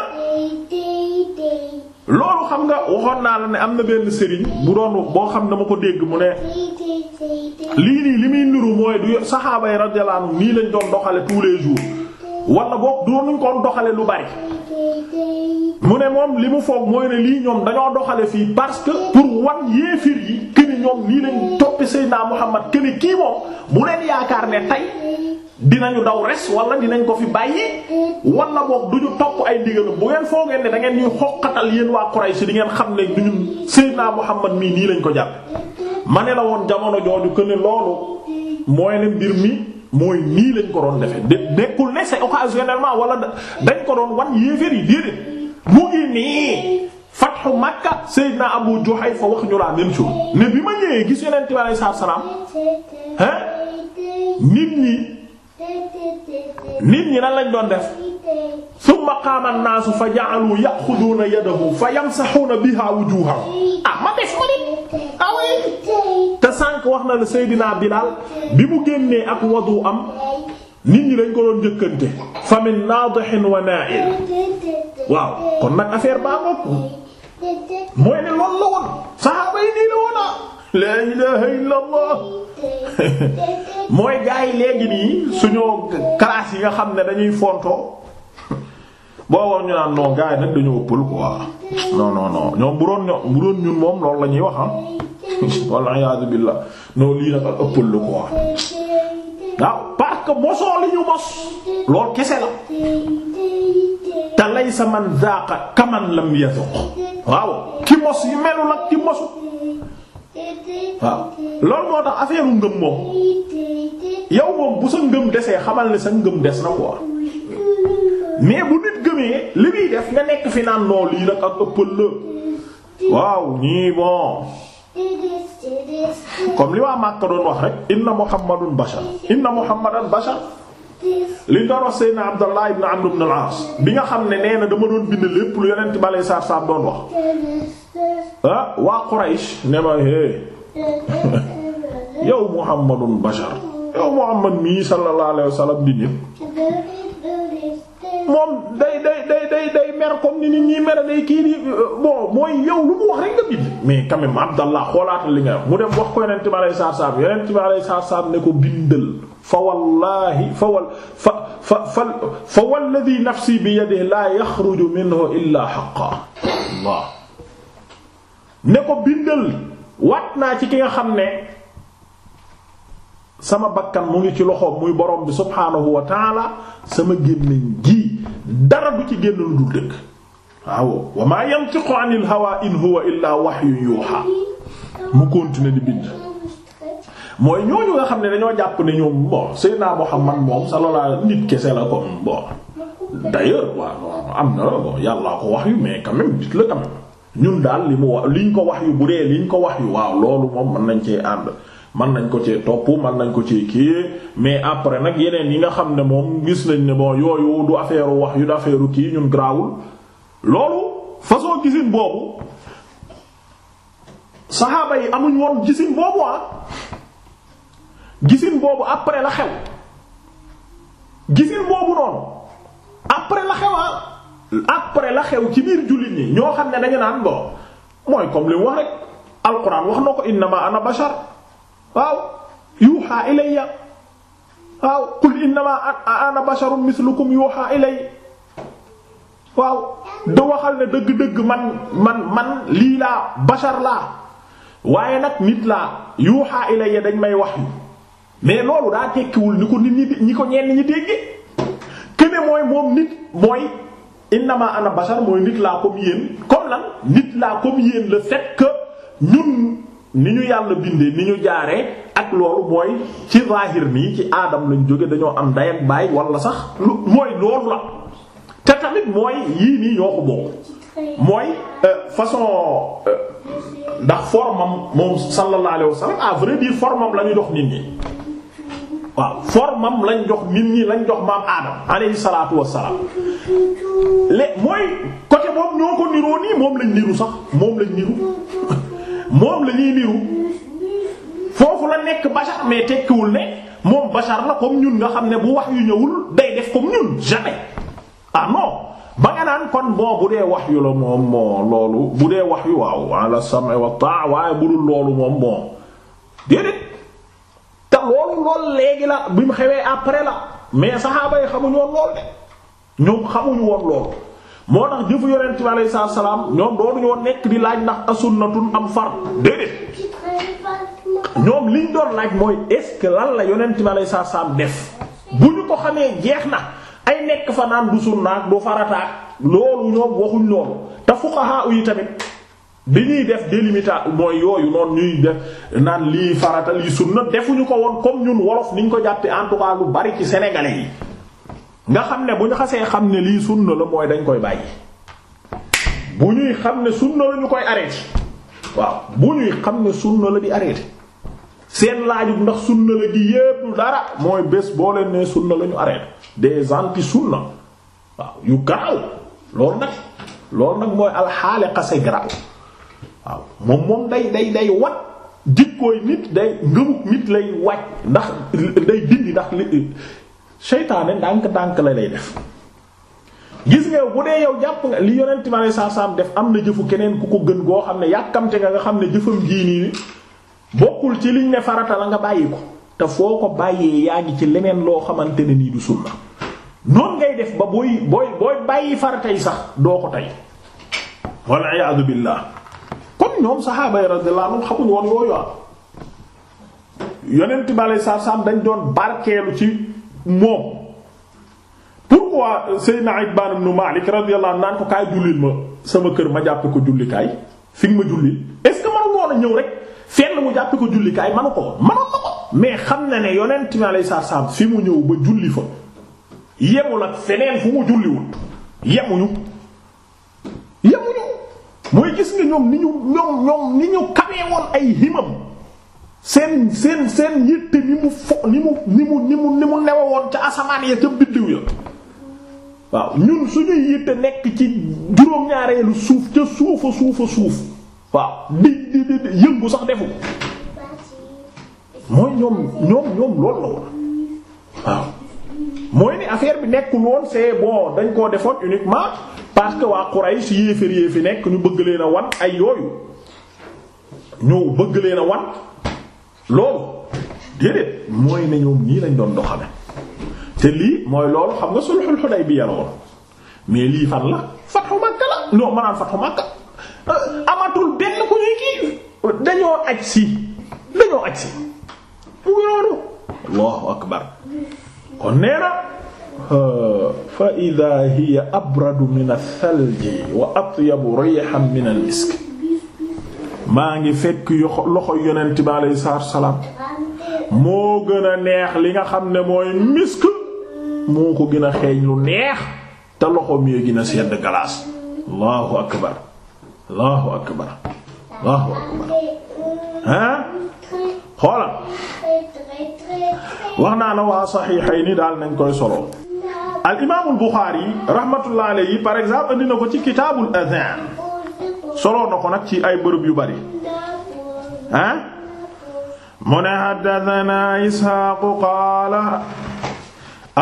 loolu xam nga waxoon naa la ne am na benn sëriñ bu doon boo xam ne ma ko dégg mu ne lii nii li muy niru mooy du saxaaba yi radiyallahu nii lañ doon doxale tous les wala boog doonuñ koon doxale lu bari mu ne moom li mu foog mooy ne lii ñoom dañoo doxale fii parce que pour wan yéefir yi këni ñoom nii lañ toppi Seydina Muhammad këni kii moom bu leen yaakaar ne tey dinañu daw res wala dinañ ko fi bàyyi wala boog du ñu topp ay ndigalam bu ngeen foogee ne da ngeen ñuy xoqatal yéen waa Quraysh di ngeen xam ne du ñu ñun Seydina Muhammad mii nii lañ ko jàpp ma ne la woon jamono jooju këni loolu mooy ne mbir mi mooy nii lañ ko doon defe de nekkul ne c'est occasionnellement wala dañ ko doon wan yéeféer yi déedéet mu ngi nii fatxu Makka Seydina Abu Juhayfa wax ñu la même chose ne bi ma ñëwee gis yonent bi alayhi salaam hein nit ñi nit ñi nan lañ doon def summa qaama an-naasu fa ja'alu ya'khudhuuna yadahu fa yamsahuuna biha wujuuhahum ah ma def ma de ah te sànq wax na la Seydina Bilaal bi mu génnee ak wadu am nit ñi dañ ko doon njëkkante fa min naadihin wa naa'il waaw kon nag affaire baa bopp mooy ne loolu la woon saxaaba yi nii la woon ah. laa ilaaha illallaah mooy gaa yi léegi nii suñoo classe yi nga xam ne dañuy fontoo boo wax ñu naan non gaa yi dañu ëppal quoi non non non bu doon ñun moom loolu la ñuy wax ah walla iyaazu billaah non lii nag ak ëppal la quoi waaw parce que li ñu mos loolu kese la te laysa man zaaqa kaman lam yazuq waaw ki mos yi melu nag ki mosu. waaw loolu moo tax affaire ngëm moom yow moom bu sa ngëm desee xamal ne sa ngëm des na quoi mais bu nit gëmee li muy def nga nekk fi naan noo lii nag ak ëppal la waaw ñii bon comme li waa Makka doon wax rek inna muhammadun bashar inna muhammadan bashar li ñu doon wax Seydina Abdallah ibn Amr ibn al bi nga xam ne nee na dama doon bind lépp lu yonent bi alayhi doon wax ah, waa Quraysh ne ma hé yow Muhammadun bashar yow Muhammad mii sallallahu alayhi wa sallam di moom day day day day day mer comme ni nit ñi mer day kii di euh, bon mooy yow lu mu wax rek nga bind. mais quand même Abdallah xoolaatal li nga mu dem wax ko Yonent bi alayhi salaatu salaam Yonent ne ko bindal fa wallaahi fa wal fa fa fa fa walladhi nafsi bi ne ko bindal waat naa ci ki nga xam ne. sama bakkan mu ngi ci loxoom muy borom bi subhaanahu wa taala sama génn gi dara du ci génn lu dul dëgg waaw wa maa yantiqu anil hawa in huwa xam ne dañoo jàpp ne ñoom bon Seydina Muhammad kese la comme na bon yàllaa ko wax yu mais quand même la quand ñun daal li mu wax liñ ko wax yu bu dee liñ ko wax yu waaw loolu moom mën nañ cee ànd mën nañ ko cee topp mën nañ ko ci kii mais après nag yeneen yi nga xam ne moom gis nañ ne bon yooyu du affaire wax yu du affaire kii ñun grawul loolu façon gisin boobu saxaaba yi amuñ woon gisin boobu ah gisin boobu après la xew gisin boobu noonu après la xew ah. après la xew ci biir jullit ñi ñoo xam ne dañu naan bon mooy comme li mu wax rek alquran wax na ko innama ana bashar waaw yuuxa ilayya waaw qul innama ana basharun mislukum yuuxa ilayya waaw da waxal ne dëgg-dëgg man man man lii laa bashar laa waaye nag nit laa yuuxa ilayya dañ may wax mais loolu daa tekkiwul ni ko nit ñi ñi ko ñenn ñi dégg kene mooy moom nit mooy innama ana bashar mooy nit laa comme yéen comme lan nit laa comme yéen le fait que ñun ni ñu yàlla bindee ni ñu jaaree ak loolu mooy ci zaahir nii ci aadam lañ jóge dañoo am day ak baay wala sax lu mooy loolu la te tamit mooy yii nii ñoo ko bokk mooy euh, façon euh, ndax formam moom sallallahu alayhi wasallam à vrai dire la ñu jox waaw formam lañ lañ jox maam aadam le mooy côté boobu ñoo ko niroo nii moom lañ niru sax moom lañ niru moom la ñuy niru foofu la nekk bashar mais tekkiwul ne moom bashar la comme ñun nga xam ne bu wax yu ñëwul day def comme ñun jamais ah non ba nga naan kon boo bu dee wax yu la moom moo loolu bu dee wax yu waaw ala sam'i wa ta'a waaye bu dul loolu moom moo déedéet te loolu lool léegi la bi mu xewee après la mais saxaaba yi xamuñu woon lool de ñoom xamuñu woon loolu moo tax jëfu yonent bi alayhi salaatu salaam ñoom doonuñu woon nekk di laaj ndax asunnatun am far déedéet ñoom liñ doon laaj mooy est-ce la yonent bi alayhi salaatu salaam def bu ñu ko xamee jeex na ay nekk fa naan du sunnaak du farataak loolu ñoom waxuñ loolu te fuqaha yi tamit bi ñuy def délimitat mooy yooyu noonu ñuy def naan lii farata lii sunna defuñu ko woon comme ñun wolof niñ ko jàppee en tout cas lu bari ci sénégalais yi. nga xam ne bu ñu xasee xam ne lii sunna la mooy dañ koy bàyyi bu ñuy xam ne sunna la ñu koy arrêté waaw bu ñuy xam ne sunna la di arrêté seen laajub ndax sunna la gi yépp dara mooy bés boo leen nee sunna la ñu arrêté des anti sunna waaw yu garaw loolu nag loolu nag mooy alxaale xase garaw waaw moom moom day day day wat jikkooy nit day ngëmuk nit lay wàcc ndax day dindi ndax li seytaane ndànk-ndànk la lay def gis nga bu dee yow jàpp nga li yonent ma lay saasaam def am na jëfu keneen ku ko gën goo xam ne yàkkamte nga nga xam ne jëfam jii nii bokkul ci liñ ne farata la nga bàyyi ko te foo ko bàyyee yaa ngi ci leneen loo xamante ne nii du sunna noonu ngay def ba booy booy booy bàyyi farata yi sax doo ko tey walla iyaadu billaah kon ñoom saxaaba yi radiyallaahu anhum xamuñ am ah. yonent ma saasaam dañ doon barkeelu ci moom pourquoi Seydina Itbaan ibn Maalik radiyallahu anhu naan ko kaay jullil ma sama kër ma jàpp ko jullikaay fi nga ma julli est-ce que manu woon a ñëw rek fenn mu jàppe ko jullikaay manu ko woon manoon na ko mais xam na ne yonent mi alayhi salaam fi mu ñëw ba julli fa yemul ak feneen fu mu julliwut yemuñu yemuñu mooy gis nga ñoom ni ñu ñoom ñoom ni ñu kamee woon ay himam seen seen seen yëtte ni mu fo ni mu ni mu ni mu ni ca asamaan ya ca biddiw ya waaw ñun suñuy yëtte nekk ci juróom-ñaareelu suuf ca suufa suufa suuf waaw di di di yëngu sax defu mooy ñoom ñoom ñoom loolu la woon waaw mooy ni affaire bi nekkul woon c'est bon dañ koo defoon uniquement parce que waa Quraysh yéefér yéefi nekk ñu bëgg leen a wan ay yooyu ñu bëgg leen a wan loolu déedéet mooy ne ñoom nii lañ doon doxale te lii mooy lool xam nga sulhul Hudaybiya la woon mais lii fan la fathu Makka la non maanaam fathu Makka euh, amatul benn ku ñuy dañoo aj dañoo aj si mu ngi akbar kon nee na euh, fa idha min ath-thalji wa atyabu min al-misk maa ngi fekk loxo yonent bi alayhi salaatu salaam moo gën a neex li nga xam ne mooy misk moo ko gën a xeeñ lu neex te loxo mi gën a sedd galaas allahu akbar allahu akbar allahu akbar ah xoolal wax naa la waa saxiixayni daal nañ koy solo al imaamul Buxaari rahmatullahi alayhi par exemple indi na ko ci kitaabul adaan soloo na ko nag ci ay bërëb yu bari ah mu ne xaddatana isxaaqu qaala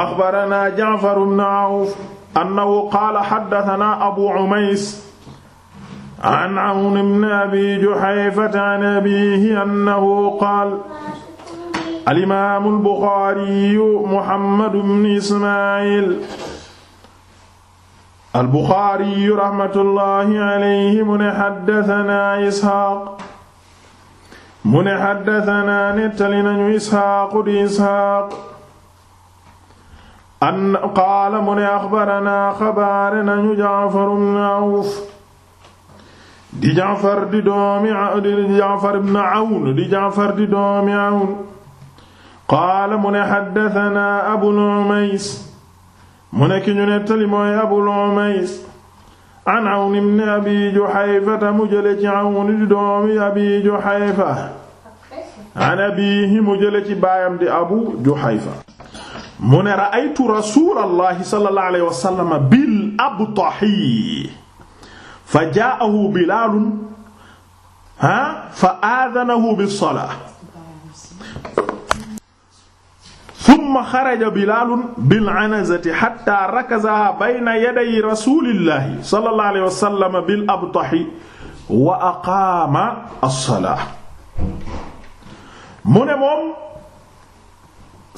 axbarana jaafar ibn awf annahu qaala xaddatana abu umays an awn ibn abi juhayfata an abiihi annahu qaala al imaamu al buxaari muhammad ibn ismaayil albuxaari raxmatullahi alayhi mu ne xaddatanaa isxaaq mu ne xaddatanaa nettali nañu isxaaqu di isxaaq an qaala mu ne axbaranaa xabaare nañu jaafar ibn awf di jaafar di doomi di jaafar ibn awn di jaafar di doomi awn qaala mu ne xaddatanaa abul umays mu nekk ñu nettali mooy abul umays an awn ibn abi juhayfa mu jële ci awn di doomi abi juhayfa an abiihi mu jële ci baayam di abu juhayfa mu ne ra'aytu rasuulallahi sallallahu alayhi wa sallam bil abtahi fa jaa'ahu bilaalun ha fa aadanahu bis salaa summa xaraja bilaalun bil anazati xatta rakazaha bayna yaday rasulillahi sallallahu alayhi wa sallam bil abtahi wa aqaama as-salaa mu ne moom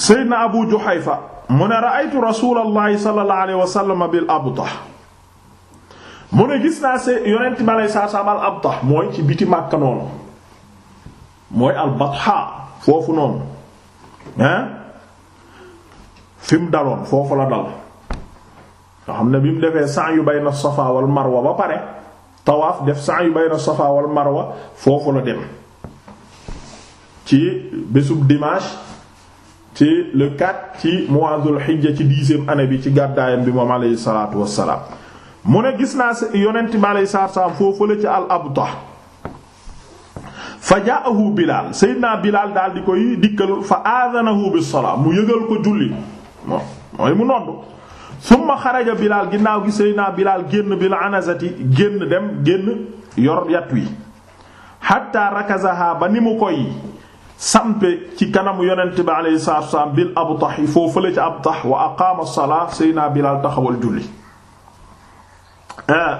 Seydina Abu Juhayfa mu ne ra'aytu rasulallahi sallallahu alayhi wa sallam bil abtah mu ne gis naa see yonent mi alayhi salaam al abtah mooy ci biti Makka noonu mooy al batha foofu noonu ah fim mu daloon foofu la dal nga xam ne bi mu defee sa'yu bayna safa wal marwa ba pare tawaaf def sa'yu bayna safa wal marwa foofu la dem ci bésub dimanche ci le 4 ci mois dul ci dixième année bi ci gàddaayam bi moom alayhi salaatu wassalaam mu ne gis naa yonent bi alayhi salaatu wassalaam foofu la ci al abtah fa ja'ahu bilaal seydinaa bilaal daal di koy dikkal fa aadanahu bis salaa mu yëgal ko julli moom mooy mu noddu summa xaraja bilaal ginnaaw gi naa bilaal génn bil anazati génn dem génn yor yat wi xatta rakazaha ba ni mu koy sampe ci kanamu yonent bi alayhi salaatu wasalaam bil abtah yi foofu la ci abtah wa aqaama salaa seydinaa bilaal taxawal julli eh,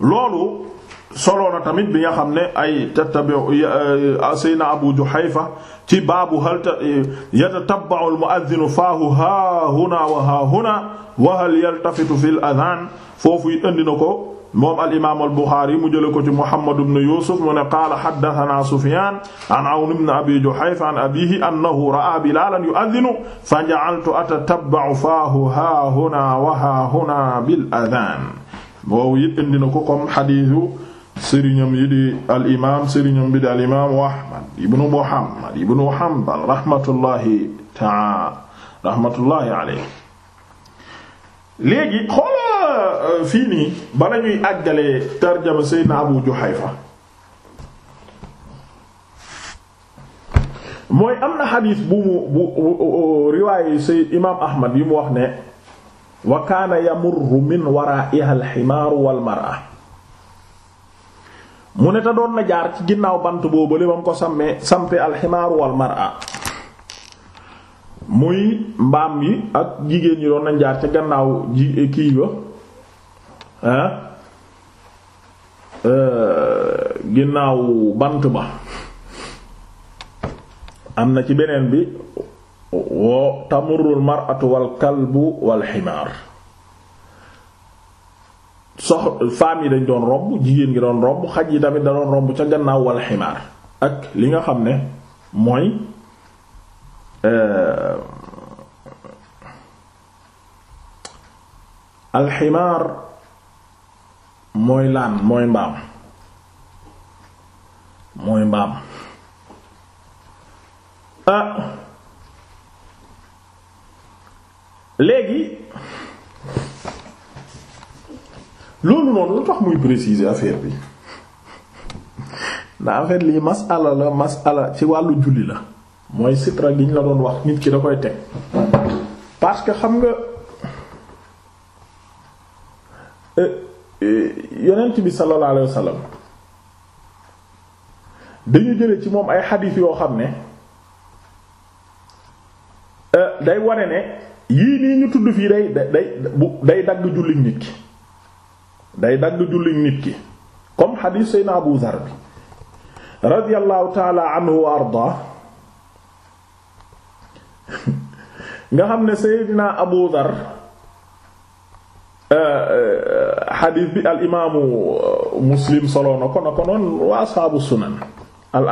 loolu solo na tamit bi nga xam ne ay tattabi eh, sayna abu juhayfa ci baabu hal eh, yatatabba'u al-mu'adhdhinu faahu haahuna wa haahuna wa hal yaltafitu fil adhan foofu it andi na ko moom al-imaam al-Buxaari mu jëlee ko ci Muhammad ibn Yuusuf mu ne qaala haddathanaa Sufyaan an Awn ibn Abi Juhayfa an abiihi annahu ra'aa Bilaalan yu'adhdhinu faja'altu atatabba'u faahu haahunaa wa haahunaa bil-adhaan boobu it indi na ko comme hadiisu sëriñam yi di al imaam sëriñam bi di al imaamu ahmad ibnu muhammad ibnu hanbal rahmatullahi taala rahmatullahi alayhi léegi xoola fii nii bala ñuy àggalee tarjama seydna abu juhayfa mooy am na xadiis bu mu bu riwaaye seyd imaam ahmad yi mu wax ne wa kaana yamurru min waraa'iha al ximaaru wal mar'a mu ne te doon na jaar ci ginnaaw bant boobale ba mu ko sàmmee sampe alximaaru wal mar'a muy mbaam yi ak jigéen ñi doon nañ jaar ci gannaaw ji eh, kii ba ah, eh, ginnaaw bant ba am na ci beneen bi wo tamurul mar'atu wal kalbu wal ximaar sox femmes yi dañ doon romb jigéen gi doon robb xaj yi tamit da doon romb ca gannaaw wal ximaar ak li nga xam ne mooy euh, alximaar mooy laan mooy mbaam mooy mbaam ah. léegi loolu noonu lu tax muy préciser affaire bi ndax affaire lii masala la masala ci wàllu julli la mooy sitra gi ñu la doon wax nit ki da koy teg parce que xam nga euh, euh, yonent bi sallallahu alayhi wasallam dañu jële ci moom ay xadiis yoo xam ne euh, day ware ne yii nii ñu tudd fii day day day dagg julli nit ki day dagg jullit nit ki comme xadiis Abu Dhar bi radiyallahu taala anhu wa ardaa nga xam ne sayna Abu Dhar xadiis euh, euh, bi euh, Muslim solo na ko na ko noon sunan al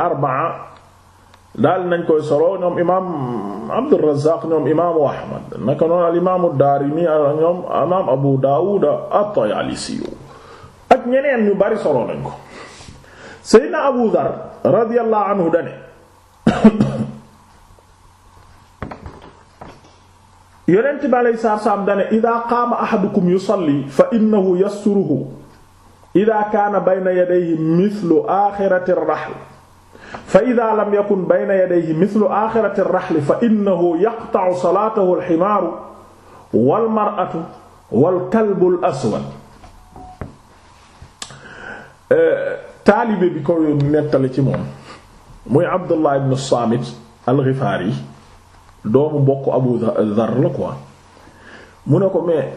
daal nañ koy solo ñoom imaamu Ahmad naka noonu al Daarimi ñoom imaam Abu Daawuda at-Tayaalisi ñeneen ñu bari solo nañ ko seydna abu dhar radiyallahu anhu dane yonent bi alayhi salaatu salaam dane idaa qaama ahadukum yusalli fa innahu yasturuhu idaa kaana bayna yadayhi mithlu aaxirati rahl fa idaa lam yakun bayna yadayhi mithlu aaxirati rahl fa innahu yaqta'u salaatahu al-himaaru wal mar'atu wal kalbu al-aswad Euh, taalibe bi ko nettali ci moom muy Abdullah ibn Samit al-Ghifari doomu mbokk Abu Dhar la quoi mu ne ko mais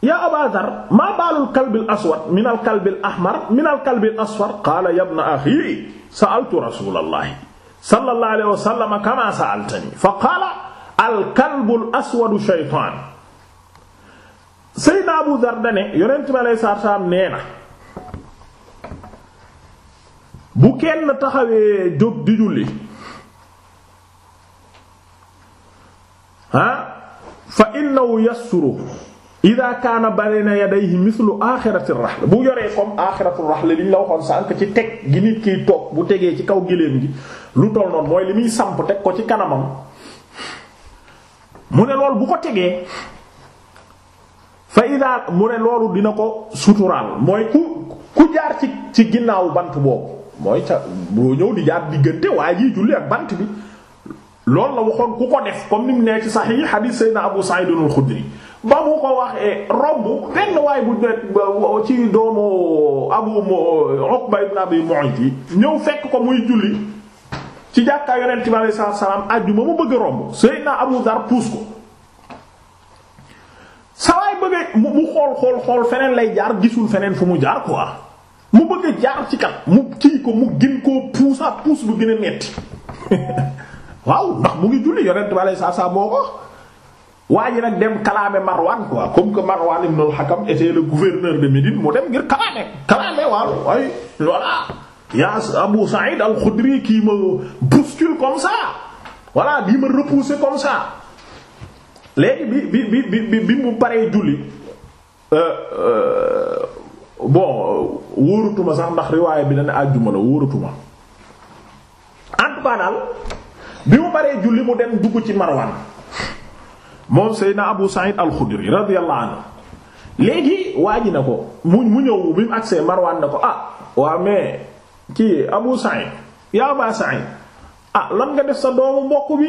yaa Aba Dhar maa baalul kalbil aswad minal kalbil ahmar minal kalbil asfar qaala ya ibna axi sa'altu rasulallahi sallallahu alayhi wa sallam kama sa'altani fa qaala al kalbul aswadu shaytaan Seydina Abu Dhar dane yonent bi alayhi salaam nee na bu kenn taxawee jóg di julli ah fa innahu yassuru ida kaana bayna yadayhi mislu axirati raxl bu yoree comme axiratu raxl li ñu la waxoon sànk ci teg gi nit kiy toog bu tegee ci kaw géléem gi lu toll noonu mooy li muy samp teg ko ci kanamam mu ne loolu bu ko tegee fa ida mu ne loolu dina ko suturaal mooy ku ku jaar ci ci ginnaaw bant boobu mooy ca boo ñëw di jaar diggante waaye jii julli ak bant bi lool la waxoon ku ko def comme ni mu nee ci sahih hadith sayyidina Abu Sa'id al-Khudri ba mu ko waxee romb benn waaye bu nekk ci doomu Abu Uqba ibn Abi fekk ko muy julli ci jàkkaay yonent bi alayhi salaatu salaam àjjuma mu bëgg a romb Abu Dar puus ko sawaay bëgg mu xool xool xool feneen lay jaar gisul feneen fu mu jaar quoi. mu bëgg a jaar ci kat mu kii ko mu gën koo puusa puus lu gën a metti waaw ndax mu ngi julli yonent bi aleyhi salaatu salaam boo ko waa ji nag dem kalaame Marwan quoi comme que Marwan ibn al-Hakam était le gouverneur de Médine mu dem ngir kalaame kalaame waaw ay voilà yaa Abu Sa'id al-Khudri kii ma bouscule comme ça voilà bii ma repoussé comme ça léegi bi bi bi bi bi mu paree julli euh, euh, bon wóoratuma sax ndax riwaaya bi dana àjjuma la wóoratuma en tout bi mu baree julli mu dem dugg ci marwan moom Seydina Abu Sa'id al-Khudri radiyallahu léegi waa na ko mu mu ñëw bi mu agsee marwan na ko ah waa mais kii Abu Sa'id yaa Aba Sa'id ah lan nga def sa doomu mbokk bi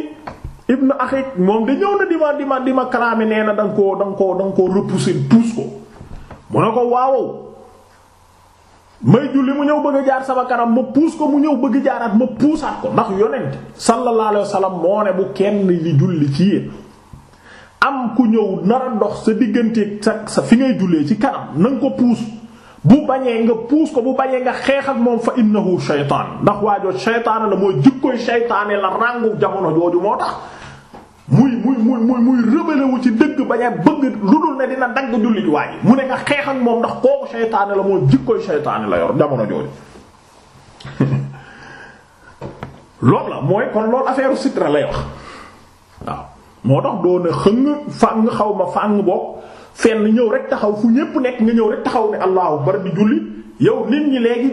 ibnu axik moom da ñëw na di ma di ma di ma kalaame nee na danga koo danga koo danga koo repousser tous ko mu ne ko waawow may julli mu ñëw bëgg a jaar sama kanam ma puus ko mu ñëw bëgg jaaraat ma puusaat ko ndax yonent sallallahu alayhi wa moo ne bu kenn li julli ci yéen am ku ñëw nara ndox sa diggante sa sa fi ngay jullee ci kanam na ko puus bu bañee nga puus ko bu bañee nga xeex ak moom fa innahu shaytaan ndax waajoo shaytaana la mooy jikkoy shaytaane la ràngu jamono jooju moo tax muy muy muy muy muy rebelle ci dëgg bañ a bëgg lu dul ne dina dagg julli ji waaye mu ne nga xeex moom ndax kooku seytaane la moo jikkoy seytaane la yor jamono jooju. loolu la mooy kon loolu affaire sitra lay wax waaw moo tax doon na xëng fàng xaw ma fàng bopp fenn ñëw rek taxaw fu ñépp nekk nga ñëw rek taxaw ne allahu akbar bi julli yow nit ñi léegi.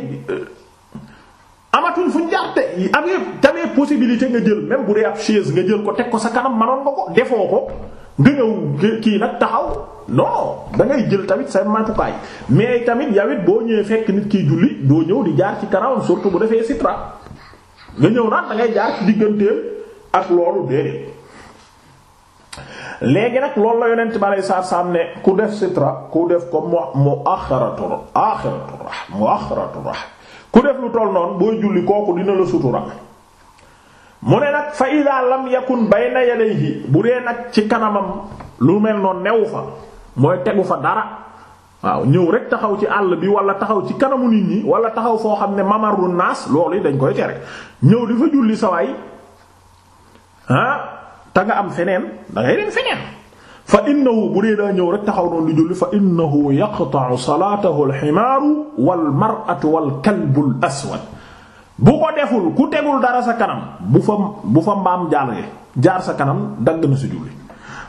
amatul fu ñu jarte amee tamee possibilité nga jël même bu dee ab chaise nga jël ko teg ko sa kanam manoon nga ko defoo ko nga ñëw kii nag taxaw non dangay jël tamit sa mantukaay mais tamit yow boo ñëwee fekk nit kiy julli doo ñëw di jaar ci kanamam surtout bu defee sitra nga ñëw naan dangay jaar ci digganteel ak loolu déedéet. léegi nag loolu la yonent bi alayhi salaatu salaam ne ku def sitra ku def ko mu mu axaratur ku def lu toll noonu booy julli kooku dina la sutura mu ne nag fa ida lam yakun bayna yadayhi bu dee nag ci kanamam lu mel noon newu fa mooy tegu fa dara waaw ñëw rek taxaw ci àll bi wala taxaw ci kanamu nit ñi wala taxaw foo xam ne mamaru naas loolu yi dañ koy tere ñëw di fa julli sawaay ah, te nga am feneen da dem feneen fa innahu bu dee daa ñëw rek taxaw doon lu julli fa innahu yaqta'u salaatahu alximaaru wal mar'atu wal kalbul aswad bu ko deful ku tegul dara sa kanam bu fa bu fa mbaam jaaree jaar sa kanam dagg na sa julli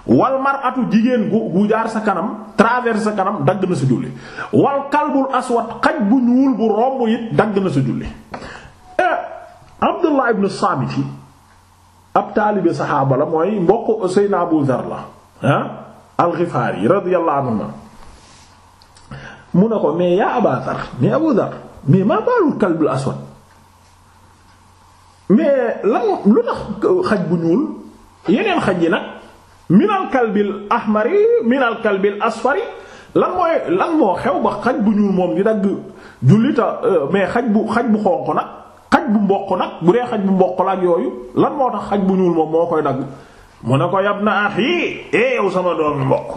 wal mar'atu jigéen gu jaar sa kanam traverse sa kanam dagg na sa julli wal kalbul aswad xaj bu ñuul bu romb it dagg na sa julli eh, Abdullah ibn Saamit ab taalibe saxaaba la mooy mbokk Seydina Abu Dhar la ah alxifaar yi radiyallahu anhuma mu ne ko mais yaa Aba Dhar mais Abu Dhar mais maa baalul kalbul aswad mais lan lu tax xaj bu ñuul yeneen xaj yi nag minal kalbil ahmari minal kalbil asfari lan mooy lan moo xew ba xaj bu ñuul moom di dagg jullita euh, mais xaj bu xaj bu xonq nag xaj bu mboq nag bu dee xaj bu mboq la yooyu lan moo tax xaj bu ñuul moom moo koy dagg mu ne ko yab na axi eh yow sama doom mbokk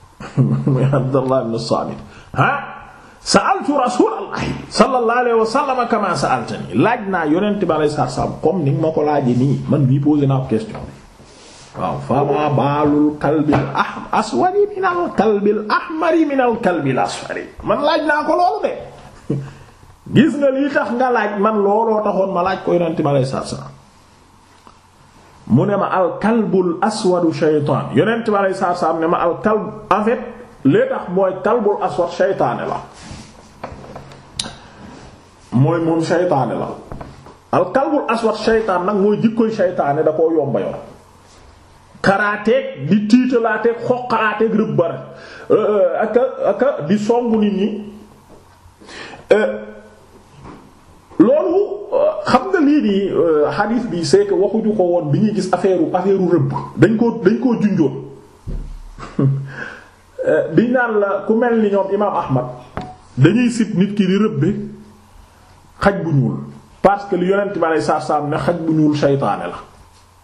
muy Abdallah ibn Saamit ah sa'altu Rasuulallahi sallallahu alayhi wa sallam kama laaj naa yonent bi alayhi salaam comme ni nga ma ko laajee nii man bii posé naa ko waaw fama baalul kalbil ah aswadi minal kalbil ahmari man laaj naa ko loolu de gis nga lii tax nga laaj man looloo taxoon ma laaj ko yonent bi alayhi salaam mu ne ma alkalbul aswadu shaytaan yonent bi alay salaam ne ma alkalb en lee tax mooy kalbul aswad shaytaane la mooy moom shaytaane la alkalbul aswad shaytaan nag mooy jikkoy shaytaane da koo yomba yoon karaateeg di tiitalaateeg xoqalaateeg rëbbar euh, euh, aka aka di songu nit ñi euh, lii nii euh, hadith bi c'est que ko woon bi ñuy gis affaire affaire rëbb dañ koo dañ koo junjoon euh, biñ naan la ku mel ni ñoom imaam Ahmad dañuy sib nit ki di rëbbe xaj bu ñuul parce que li yonent ma lay saar saam ne xaj bu ñuul seytaane la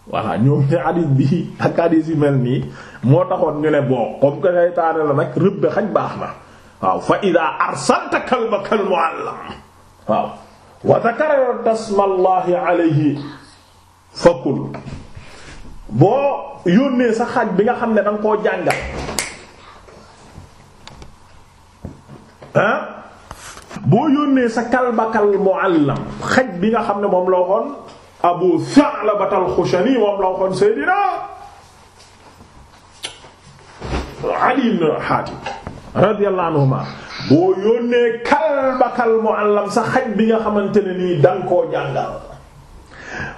voilà ñoom ne hadith bi ak hadith yu mel nii moo taxoon ñu ne bon comme que seytaane la nag rëbbe xaj baax na waaw fa idaa arsalta kalbaka al muallam waaw wa zakarta smallahi alayhi fakul boo yónnee sa xaaj bi nga xam ne danga ko jàngal ah boo yónnee sa kalbakal muallam xaj bi nga xam ne moom la waxoon abu Sa'labata al-Khushani moom la waxoon Seydina Ali ibn Hatim radiyallahu anhuma boo yónnee kalbakal muallam sa xaj bi nga xamante ne nii danga koo jàngal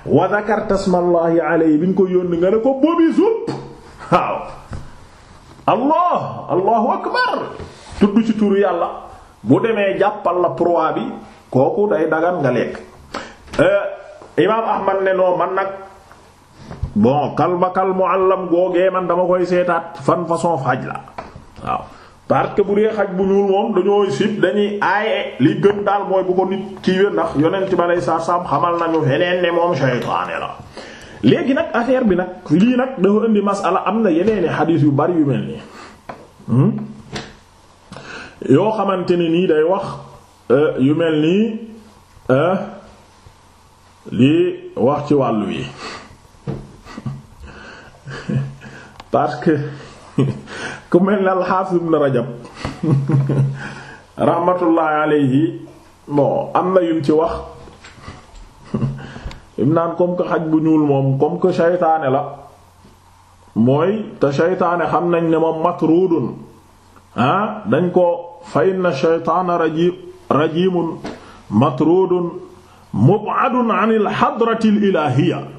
wa dhakarta smallahi alayhi bi nga ko yónni nga ne ko boobi supp waaw allah allahu akbar tudd ci turu yàlla bu demee jàppal la proie bi kooku day dagan nga lekk euh, imaam ahmad ne noo man nag bon kalbakal muallam googee man dama koy seetaat fan façon faj la waaw parce que bu dee xaj bu ñuul moom dañoo sib dañuy aaye li gën daal mooy bu ko nit kiiwee ndax yonent ba lay saar saam xamal nañu feneen ne moom shaytaane la léegi nag affaire bi nag lii nag dafa indi masala am na yeneeni xadiis yu bari yu mel hmm? yoo xamante ne nii day wax euh, yu mel nii euh, lii wax ci wàllu yi parce que ku mel ne al-Hafiz ibn Rajab rahmatullahi alayhi am na yum ci wax im naan comme que xaj bu ñuul moom comme que seytaane la mooy te seytaane xam nañ ne moom matrudun ah, dañ ko fa inna shaytaana raji rajimun matrudun mub'adun anil hadratil ilaahiyya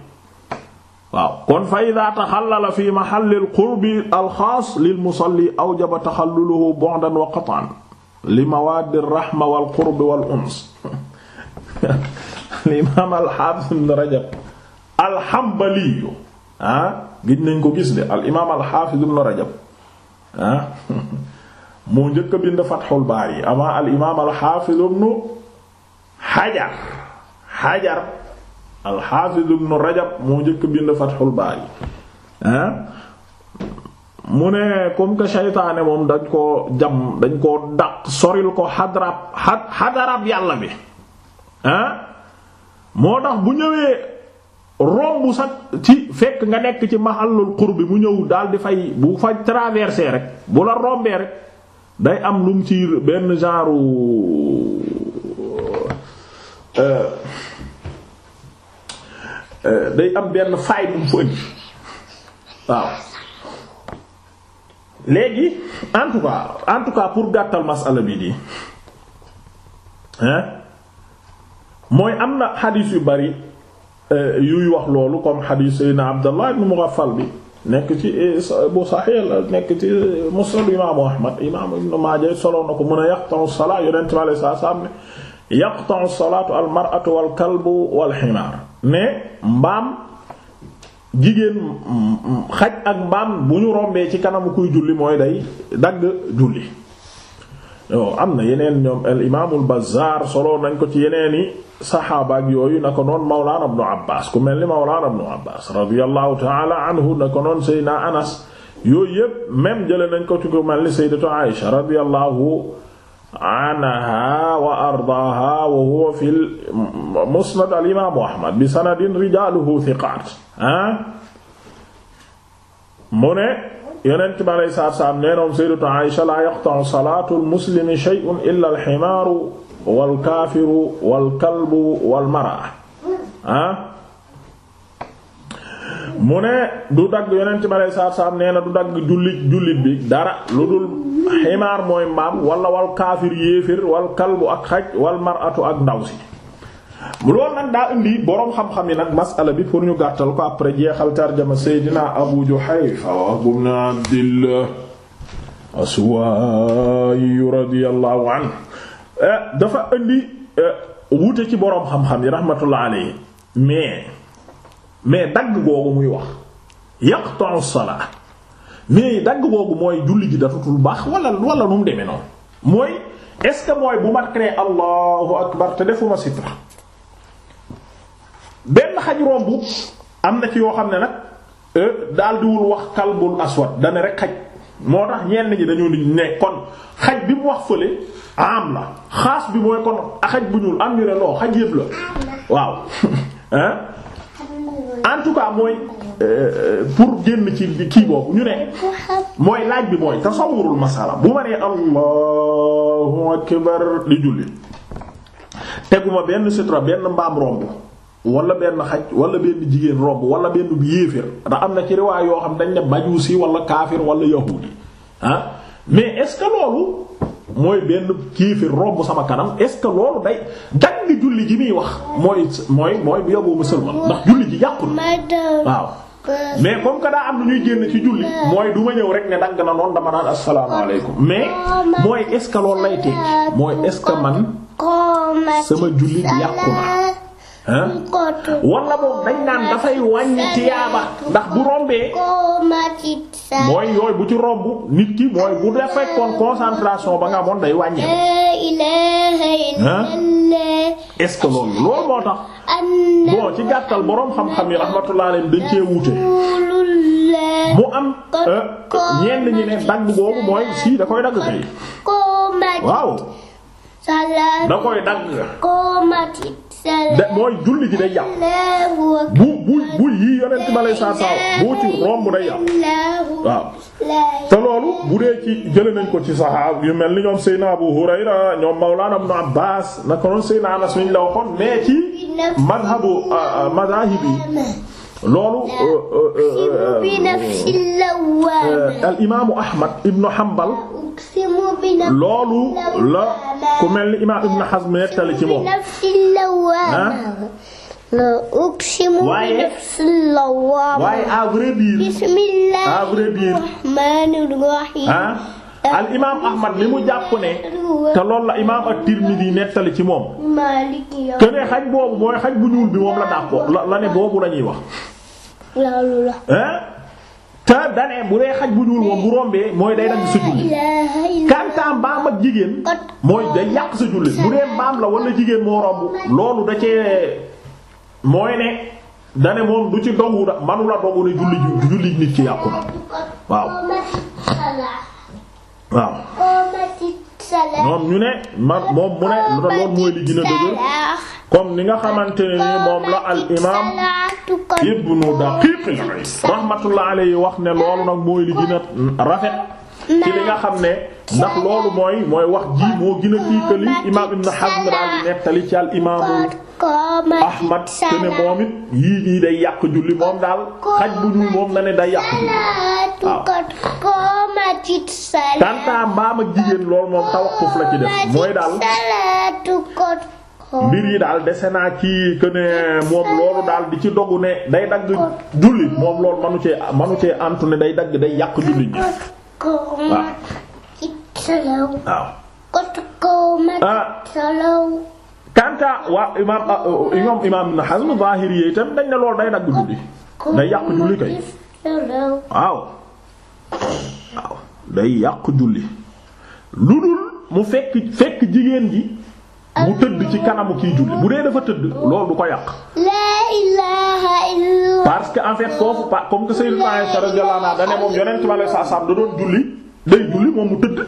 waaw kon fa ida taxallala fi maxalli alqurbi alxaas lilmusalli awjaba taxalluluhu bondan wa qatan li mawaadi rahma walqurbi wal uns alimaam alxaafis ibn rajab alxambaliyu ah gis nañ ko gis de alimaam alxaafis ibn rajab ah moo njëkk a bind fatxul baari avant alimaam alxaafis ibn xajar xajar alxaafiz ibnu rajab moo njëkk bind fatxul baari hein mu ne comme que seytaane moom dañ koo jam dañ koo daq soril ko xadarab xadarab yàlla bi moo tax bu ñëwee romb sax ci fekk nga nekk ci mahallul qurbi mu ñëw daal di fay bu fa traversé rek bu la rombee rek day am lum ci benn genre euh, Euh, day am benn faay bu en tout cas en tout pour gàttal masala bi di hein mooy am na xadiis yu bari euh, yuy wax loolu comme xadiis Seydina Abdallah ibn Mughaffal bi nekk ci euh, bu saxiix la nekk ti musnad imaamu Ahmad imaamu Ibn Maaja solo na ko mën a yaqta'u salaa yonent bi alayhi salaam ne yaqta'u salaatu al mar'atu wal wal ximaar ne mbaam jigéen xaj ak mbaam bu ñu rombee ci kanamu kuy julli mooy day dagg julli yow oh, am na yeneen ñoom al imaamul Bazzaar solo nañ ko ci yeneeni saxaaba ak yooyu na ko noon mawlaana ibnu Abbaas ku mel ni mawlaana ibnu Abbaas radiyallahu ta'ala anhu na ko noon Seydina Anas yooyu yépp même jële nañ ko ci ku mel ni Sayyidatu Aïsha radiyallahu anaha wa ardaaha wa huwa fi musnad al imaamu ahmad bi sanadin rijaaluhu thiqaat mu ne yonent bi alayhi salaatu salaam nee noom sayyidatu Aysha laa yaqta'u salaatu al-muslimi shay'un illa al-himaaru wal kaafiru wal kalbu wal mar'a mu ne du dagg yonent ma lay saar saam nee du dagg jullit jullit bi dara lu dul ximaar mooy mbaam wala wal kaafir yéefir wal kalbu ak xaj wal maratu ak ndaw si loolu nag daa indi boroom xam-xam yi nag masala bi pour ñu gàttal ko après jeexal tarjama seydina abu juhayfa ibn abdillah aswaay radiyallahu anhu eh, dafa indi eh, ci boroom xam yi rahmatullah mais mais dagg googu muy wax yaqta'u salaa mais dagg googu mooy julli ji datutul baax walla wala nu mu demee noonu mooy est-ce que mooy bu ma nee allahu akbar te defuma sitra benn xaj romb am na ci yoo xam ne nag euh, daal diwul wax kalbul aswad dana rek xaj moo tax ñenn ñi dañu ne kon xaj bi mu wax fële am la xaas bi mooy kon xaj bu ñuul am ñu ne non xaj yëpp la waaw. en tout cas mooy euh, pour génn ci kii boobu ñu ne mooy laaj bi mooy tasawurul masala bu ma nee allahu akbar di julli teguma benn sutra benn mbaam romb wala benn xaj wala benn jigéen romb wala benn bu yéeféer ndax am na ci riwaay yoo xam dañ ne majuusi wala kaafir wala yahuudi ah mais est loolu mooy benn kiifir romb sama kanam est-ce que loolu day dagg julli ji muy wax mooy mooy mooy bu yoboo ma ndax julli ji yàqu na waaw mais comme que daa am lu ñuy génn ci julli mooy du ma ñëw rek ne dagg na lool dama naan asalaamaaleykum mais mooy est-ce que loolu lay tekki mooy est-ce que man sama julli ji yàqu wala moom dañ naan dafay wàññi tiyaaba ndax bu rombee mooy yooyu bu ci romb nit ki mooy bu def fekkoon concentration ba nga amoon day wàññi est-ce que loolu loolu moo tax bon ci gàttal boroom xam-xam yi rahmatullah alayhi dañ cee wuute mu am euh, ñenn ñi ne dagg boobu mooy si da koy dagg kay waaw da koy dagg da mooy julli ji day yàqu bu bu bu yii yonent ma lay saa ci romb day yàqu waaw bu dee ci jële nañ ko ci saxaab yu mel ni ñoom Seydina Abu Hurayra ñoom Mawlana na Abbas naka noonu na Anas mi ñu la waxoon mais ci madhabu ah, ah, madhahibi loolu euh, euh, euh, al imaamu Ahmad ibnu Hanbal loolu la ku mel ni imaam ibnu Hazm nettali ci moom waaye waaye à vrai dire à vrai dire al imaam Ahmad li mu jàpp ne te loolu la imaam at-Tirmidhi nettali ci moom que ne xaj boobu mooy xaj bu ñuul bi moom la dàqoo la la ne boobu la ñuy wax. te dane bu dee xaj bu ñuul moom bu rombee mooy day dagg sa julli kanta mbaam ak jigéen mooy day yàq jigéen moo romb loolu da cee mooy ne dane moom du ci dogu da manu la ne julli julli nit ci yàqu na waaw waaw ñoom ñu ne moom mu ne loolu mooy li gën a dëgër ni nga xamante ne ni moom la al imaam ibnu daqiiq rahmatullah alayhi wax ne loolu nag mooy li gën a ci li nga xam ne ndax loolu mooy mooy wax ji moo gën kii këli imaam Ibn Hazm daal di nettali ci al imaamu Ahmad te ne moom it yii nii day yàq julli moom daal xaj bu ñuul moom la ne day yàq julli waaw. tanta moom la ci def mooy daal. mbir yi daal dese naa kii que ne loolu daal di ci dogu ne day dagg julli moom loolu manu cee manu cee antu ne day dagg day yàq julli ñi. waaw waaw. Kanta waaw imaam ñoom ah, oh, imaam Ibn Hazm Zahiri yi itam dañ ne loolu day dagg julli day yàq julli kay waaw waaw day yàq julli lu dul mu fekk fekk jigéen ji mu tëdd ci kanamu kiy julli bu dee dafa tëdd loolu du ko yàq. parce que en fait foofu pa comme que Sayyidou Aïcha radiyallahu anha da ne moom yonent bi alayhi salaam da doon julli day julli moom mu tëdd.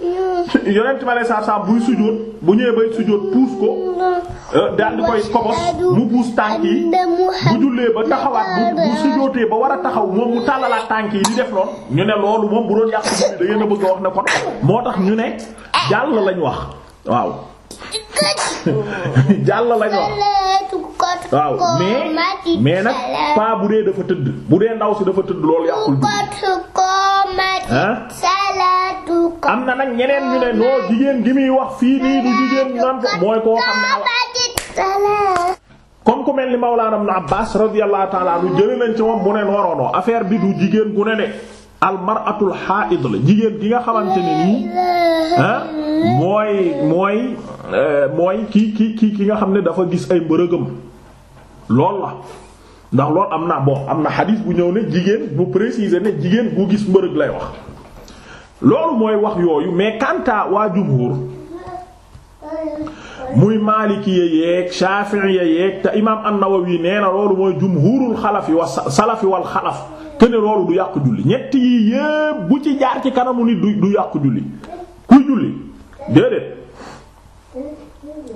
Hmm. yonent bi alayhi salaam buy sujjóot bu ñëwee bay sujjóot puus ko hmm. euh, daal di koy kobos mu puus tànk yi bu jullee ba taxawaat bu bu sujjóotee ba war a taxaw moom mu tàllalaat tànk yi di def lool ñu ne loolu moom bu doon yàq julli da ngeen a bëgg a wax ne kon moo tax ñu ne jàll lañu wax waaw jàll lañ wax. waaw mais mais nag paa bu dee dafa tëdd bu dee ndaw si dafa tëdd loolu yàqul julli am na nag ñeneen ñu ne noo jigéen gi muy wax fii nii du jigéen nan ko mooy koo xam ne comme ku mel ni Mawlana Ibn Abbas radiyallahu ta'ala anhu jëlee nañ ci moom mu ne waroonoo affaire bi du jigéen ku ne ne almaratul haid la jigéen gi nga xamante ni nii ah mooy mooy euh, mooy ki ki ki ki nga xam ne dafa gis ay mbërëgam lool la ndax loolu am na bon am na xadis bu ñëw ne jigéen bu préciser ne jigéen bu gis mbërëg lay wax loolu mooy wax yooyu mais kanta waa jumhur muy maaliki ya yeeg shafi'i ya yeeg te imaam an-Nawawi nee na loolu mooy jumhurul xalafi wa salafi wal xalaf te loolu du yàq julli ñett yi yépp bu ci jaar ci kanamu nit du yàq julli kuy julli déedéet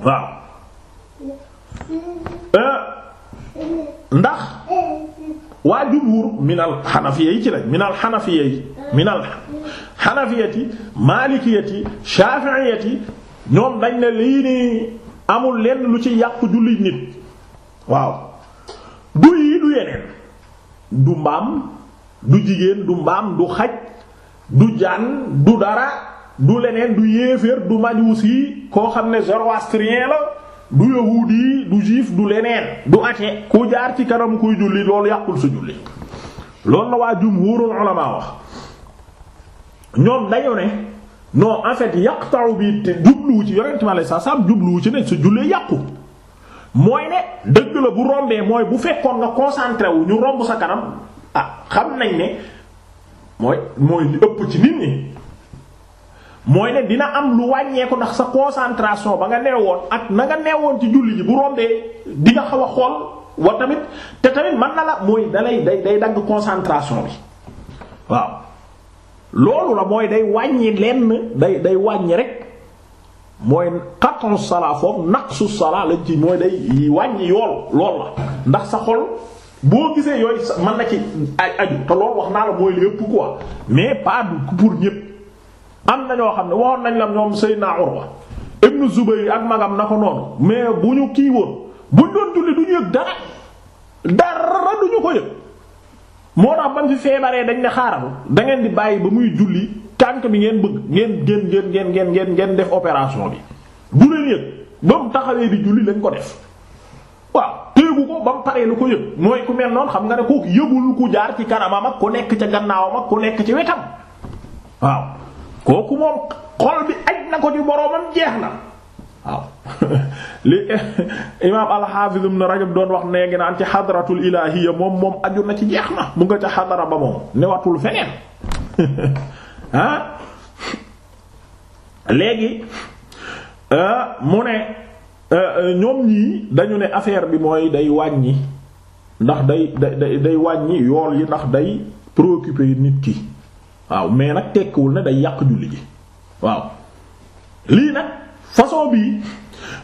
waaw euh, ndax waa jumhur minal xanafiya yi ci lañ minal xanafiya yi minal xanafiyati maalikiyati shaafiyati ñoom dañ ne lii nii amul lenn lu ci yàqu jullit nit waaw du yii du yeneen du mbaam du jigéen du mbaam du xaj du jaan du dara du leneen du yéeféer du majuus koo xam ne zoroastrien la du yahudi du juif du leneen du athée ku jaar ci kanam kuy julli loolu yàqul sa julli loolu na waa jumhurul ulama wax ñoom dañoo ne non en yàq yaqta'u bi te jubluwu ci yonent ma lay sa sam jubluwu ci ne sa jullee yàqu mooy ne dëgg la bu rombee mooy bu fekkoon nga concentré wu ñu romb sa kanam ah xam nañ ne mooy mooy ëpp ci nit ñi mooy ne dina am lu wàññeeku ndax sa concentration ba nga woon ak na nga woon ci julli ji bu dee di nga xaw a xool wa tamit te tamit mën na la mooy dalay day day dagg concentration bi waaw loolu la mooy day wàññi lenn day day wàññi rek mooy qat'u salaa foofu naqsu salaa lañ ci mooy day wàññi yool lool la ndax sa xol boo gisee yooyu mën na ci aju te loolu wax naa la mooy lépp quoi mais pas pour ñépp am na ñoo xam ne waxoon nañ la ñoom Seydina Urwa ibnu Zubayr ak magam na ko noonu mais bu ñu kii woon bu ñu doon julli du ñu yëg dara dara du ñu ko yëg moo tax ba di bàyyi ba muy julli tànk bi ngeen bëgg ngeen ngeen ngeen ngeen ngeen ngeen ngeen def opération bi bu leen yëg ba mu taxawee di julli lañ ko def waaw téegu ko ba mu paree lu ko yëg mooy ku mel noonu xam nga ne kooku yëgul ku jaar ci kanamam ak ku nekk ca gannaawam ak ku nekk ci wetam waaw. kooku moom xol bi aj na ko ci boroomam jeex na waaw li imaam alxaafiz ibn rajab doon wax nee ngi naan ci xadratul ilaahiya moom moom aju na ci jeex na mu nga ca xadara ba moom newatul feneen ah léegi euh, mu ne euh, euh, ñoom ñii dañu ne affaire bi mooy day wàññi ndax day day day wàññi yool yi ndax day préoccuper nit ki waaw mais nag tekkiwul ne day yàq julli ji waaw lii nag façon bii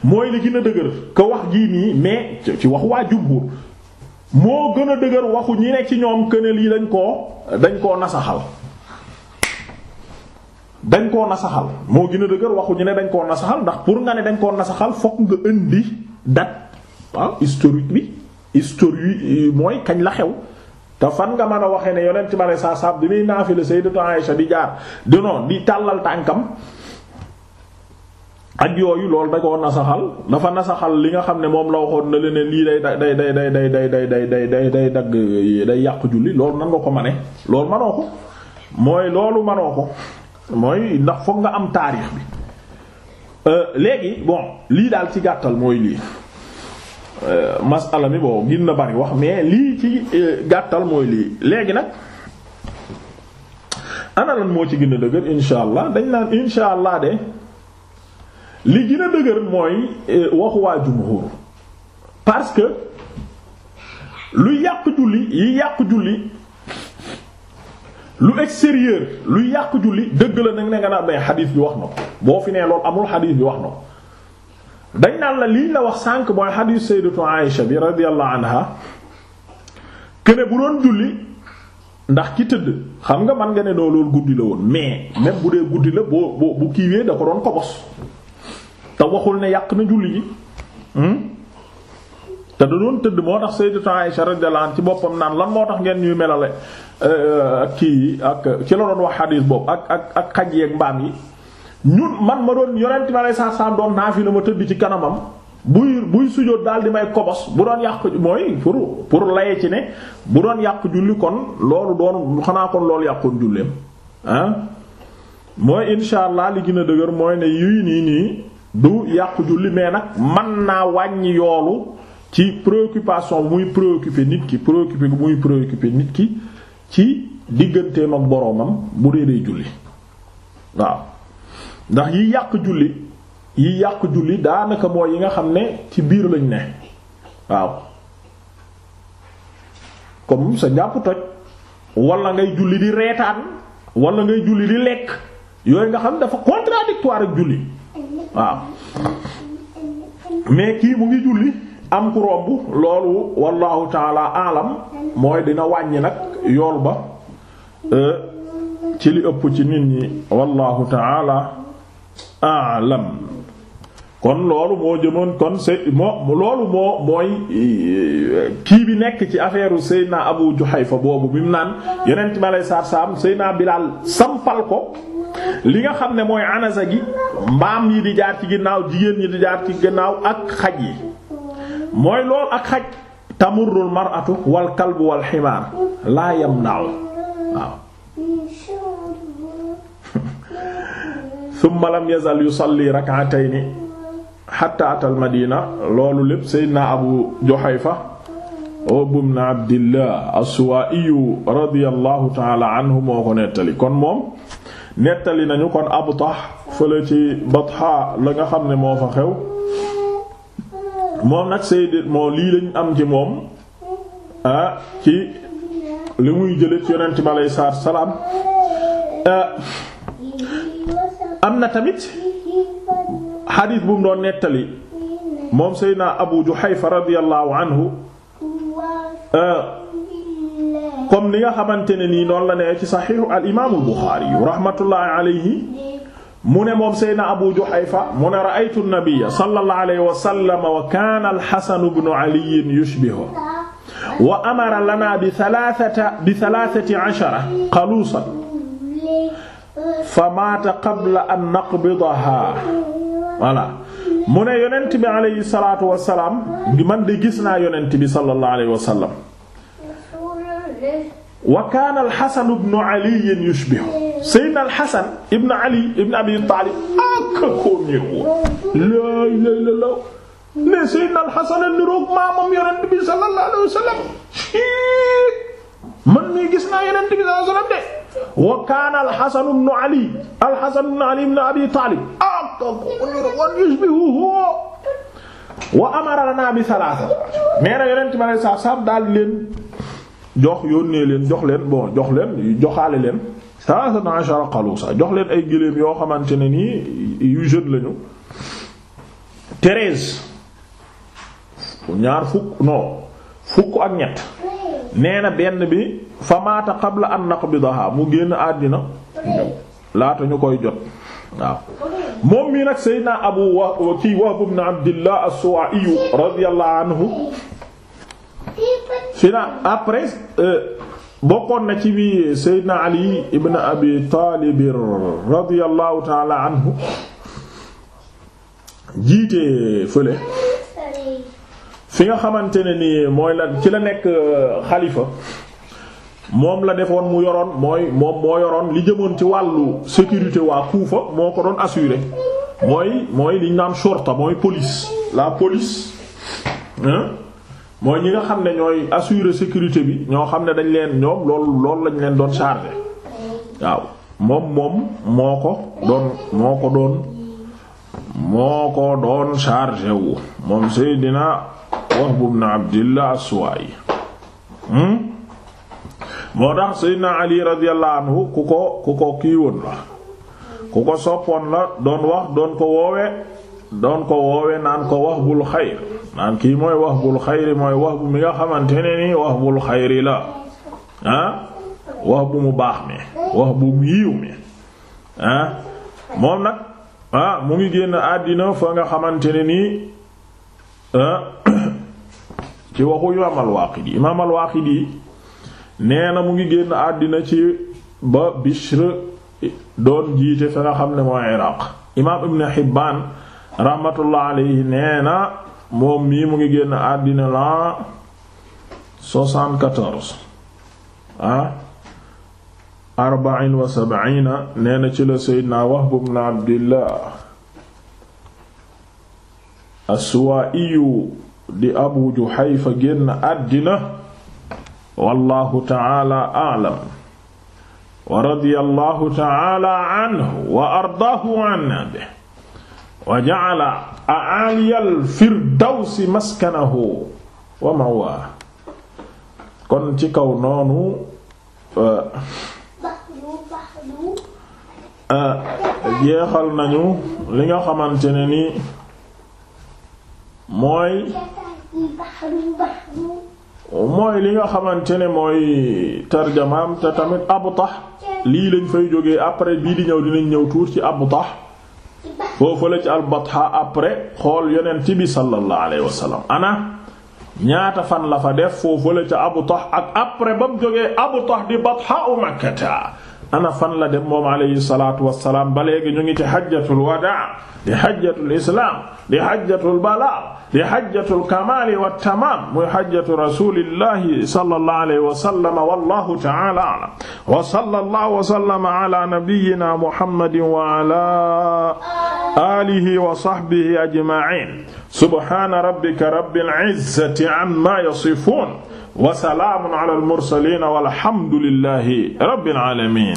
mooy li gën a dëgër ka wax jii nii mais ci wax waa jumhur moo gën a dëgër waxu ñi ne ci ñoom këne lii dañ koo dañ koo nasaxal dañ koo nasaxal moo gën a dëgër waxu ñu ne dañ koo nasaxal ndax pour nga ne dañ koo nasaxal fokk nga indi date waaw ah, historique bi historique euh, mooy kañ la xew te fan nga mën a waxee ne yonent ma ne saa saab di muy naafila sayyidatu Aisha di jaar di noonu di tàllal tànkam ak yooyu loolu da koo nasaxal dafa nasaxal li nga xam ne moom la waxoon na leneen lii day day day day day day day day day day day dagg day yàqu julli loolu nan nga ko mane loolu manoo ko mooy loolu manoo ko mooy ndax foog nga am taarix bi léegi bon lii daal ci gàttal mooy lii Euh, masala mi boo gin na bari wax mais lii ci euh, gàttal mooy lii léegi nag ana moo ci gin a dëgër insha allah dañ naan insha allah de li gën a dëgër mooy euh, waxu waa jumhur parce que lu yàq julli yi yàq julli lu extérieur lu yàq julli dëgg la nag ne nga naa may xadiis bi wax na boo fi nee loolu amul xadiis bi wax na dañ naan la liñ la wax sànq mooy xadiis sayyidatu Aïsha bi radiyallahu anha kene bu doon julli ndax ki tëdd xam nga man nga ne doo loolu guddi la woon mais même bu dee guddi la boo boo bu kiiwee da ko doon kobos te waxul ne yàq na julli yi hmm? te da doon tëdd moo tax sayyidatu Aïsha radiyallahu anha ci boppam naan lan moo tax ngeen ñuy melale euh, kii yi ak ci la doon wax xadiis boobu ak ak ak xaj yeeg mbaam yi ñun man ma doon yonent ma lay saa saa doon naa fi la ma tëdd ci kanamam buy buy sujjóot daal di may kobos bu doon yàq mooy pour pour laye ci ne bu doon yàq julli kon loolu doon xanaa kon loolu yàqoon julleem mooy insha allah li gën dëgër mooy ne yii nii nii du yàqu julli mais nag man naa wàññi yoolu ci préoccupation bu muy préoccupé nit ki préoccupé bu muy préoccupé nit ki ci digganteem ak boroomam bu dee dee julli waaw ndax yi yàq julli yi yàq julli daanaka mooy yi nga xam ne ci biir lañ ne waaw comme sa njàpp toj wala ngay julli di reetaan wala ngay julli di lekk yooyu nga xam dafa contradictoire ak julli waaw mais kii bu ngi julli am ku romb loolu wallahu taala alam mooy dina wàññi nag yool ba euh, ci li ëpp ci nit ñi wallahu taala alam kon loolu moo jëmoon kon se moo loolu moo mooy eh, kii bi nekk ci affaire Seydina Abu fa boobu bi mu naan yeneen ma lay saar saam Seydina Bilaal sampal ko li nga xam ne mooy anasa gi mbaam yi di jaar ci ginnaaw jigéen ñi di jaar ci ginnaaw ak xaj yi mooy loolu ak xaj tamurul mar'atu wal kalbu wal ximaar laa yam naaw waaw thumma lam yazal yusalli rak'atayni hatta atal madina loolu lépp seydina abu juhayfa ibn abdillah as-suwaa'iyu radiyallahu ta'ala anhu moo ko nettali kon moom nettali nañu kon abu tax fële ci batha la nga xam ne moo fa xew moom nag seyd moo lii lañ am ci moom ci li muy jële ci yonent bi alayhi salaam am na tamit xadiis bu mu doon nettali moom Seydina Abu Juhayfa radiyallahu anhu euh, comme ni nga xamante ne nii noonu la nee ci saxiixu al imaamul Buxaari rahmatullahi alayhi mu ne moom Seydina Abu Juhayfa mu ne ra'aytu an-nabiyya sallallahu alayhi wa sallam wa kaana al-Hasan ibn Ali yushbihu wa amara lana bi thalathati bi thalathati ashara qaluusan fa maata qabla an naqbidaha voilà mu ne yonent bi aleyhi salaatu wasalaam bi man de gis naa yonent bi sallallahu alayhi wa sallam wa kaana alxasan ibnu ali yushbihu seydna alxasan ibnu ali ibnu abi taalib ak ko niru laa ilaaha illallaah ne seydna alxasan a niroog maamam yonent bi sallallahu alayhi wa sallam man mii gis naa yonent bi sallallahu alayhi wa sallam de wa kaana alxasanu bnu ali alxasanu bnu ali bnu abi taalib ah, wa amarana bi salaasa nee na yonent bi alayhi salaatu salaam daal leen jox yónnee leen jox leen bon jox leen joxaale leen salaasata ashara qaluusa jox leen ay gëléem yoo xamante ne nii yu jeune lañu treize ñaar fukk non fukk ak ñett nee benn bi fa maata qabla an naqbidaha mu génn àddina laata ñu koy jot waaw moom mii nag Seydina Abu Wahb kii Wahb ibn Abdillah as-Suwa'i radiyallahu anhu fi na après euh, bokkoon na ci bi Seydina Ali ibn Abi Talib radiyallahu ta'ala anhu jiite fële fi nga xamante ne ni mooy la ci la nekk euh, xalifa moom la defoon mu yoroon mooy moom moo yoroon li jëmoon ci wàllu sécurité waa Kufa moo ko doon assuré mooy mooy liñ naan shorta mooy police la police mooy ñi nga xam ne ñooy assurer sécurité bi ñoo xam ne dañ leen ñoom loolu loolu lañ leen doon chargé waaw moom moom moo ko doon moo ko doon moo ko doon chargé wu moom Seydina Wahb ibn Abdillah as-Suwaayi hmm? moo tax Seydina Ali radiyallahu anhu ku ko ku ko kii la ku ko soppoon la doon wax doon ko woowe doon ko woowe naan ko Wahbul Xayr naan kii mooy Wahbul Xayr mooy Wahb mi nga xamante ne nii Wahbul Xayr la ah Wahb mu baax mi Wahb mu yiw mi ah moom nag ah mu ngi génn àddina fa nga xamante nii ah, ci waxu imaam al-Waaqidi imaam al-Waaqidi nee na mu ngi génn àddina ci ba Bishr doon jiite fa nga xam ne mooy Iraq imaam Ibn Hibbaan rahmatullah alayhi nee na moom mii mu ngi génn àddina la 74 ah arbain wa ci la Seydina Wahb ibn Abdillah as-Suwaa'iyu di abu juhayfa génn àddina wallahu taala a'lam wa radiyallahu taala anhu wa ardaahu anna bihi wa ja'ala a'aliyal firdawsi maskanahu wa ma'waahu kon ci kaw noonu euh, euh, jeexal nañu li nga xamante ne mooy mooy li nga xamante ne mooy tarjamaam te tamit abu tax lii lañ fay jógee après bii di ñëw dinañ ñëw tuur ci abu tax foofu la ci albatha après xool yonent bi sallallahu alayhi wa sallam ana ñaata fan la fa def foofu la ca abu tax ak après ba mu jógee abu tax di batha u makkata ana fan la dem moom alayhi salaatu wassalaam ba léegi ñu ngi ci xajjatul wadaa di xajjatul islaam di xajjatul balaa di xajjatul kamaali wa tamaam muy xajjatu rasuulillahi sallallahu alayhi wa sallam wallahu ta'ala a'lam wa sallallahu wa sallama ala nabiyyina muhammadin wa ala alihi wa sahbihi ajma'in subhana rabbika rabbil izzati amma yasifun wa salaamun ala al-mursaliin walhamdulillahi rabbil aalamiin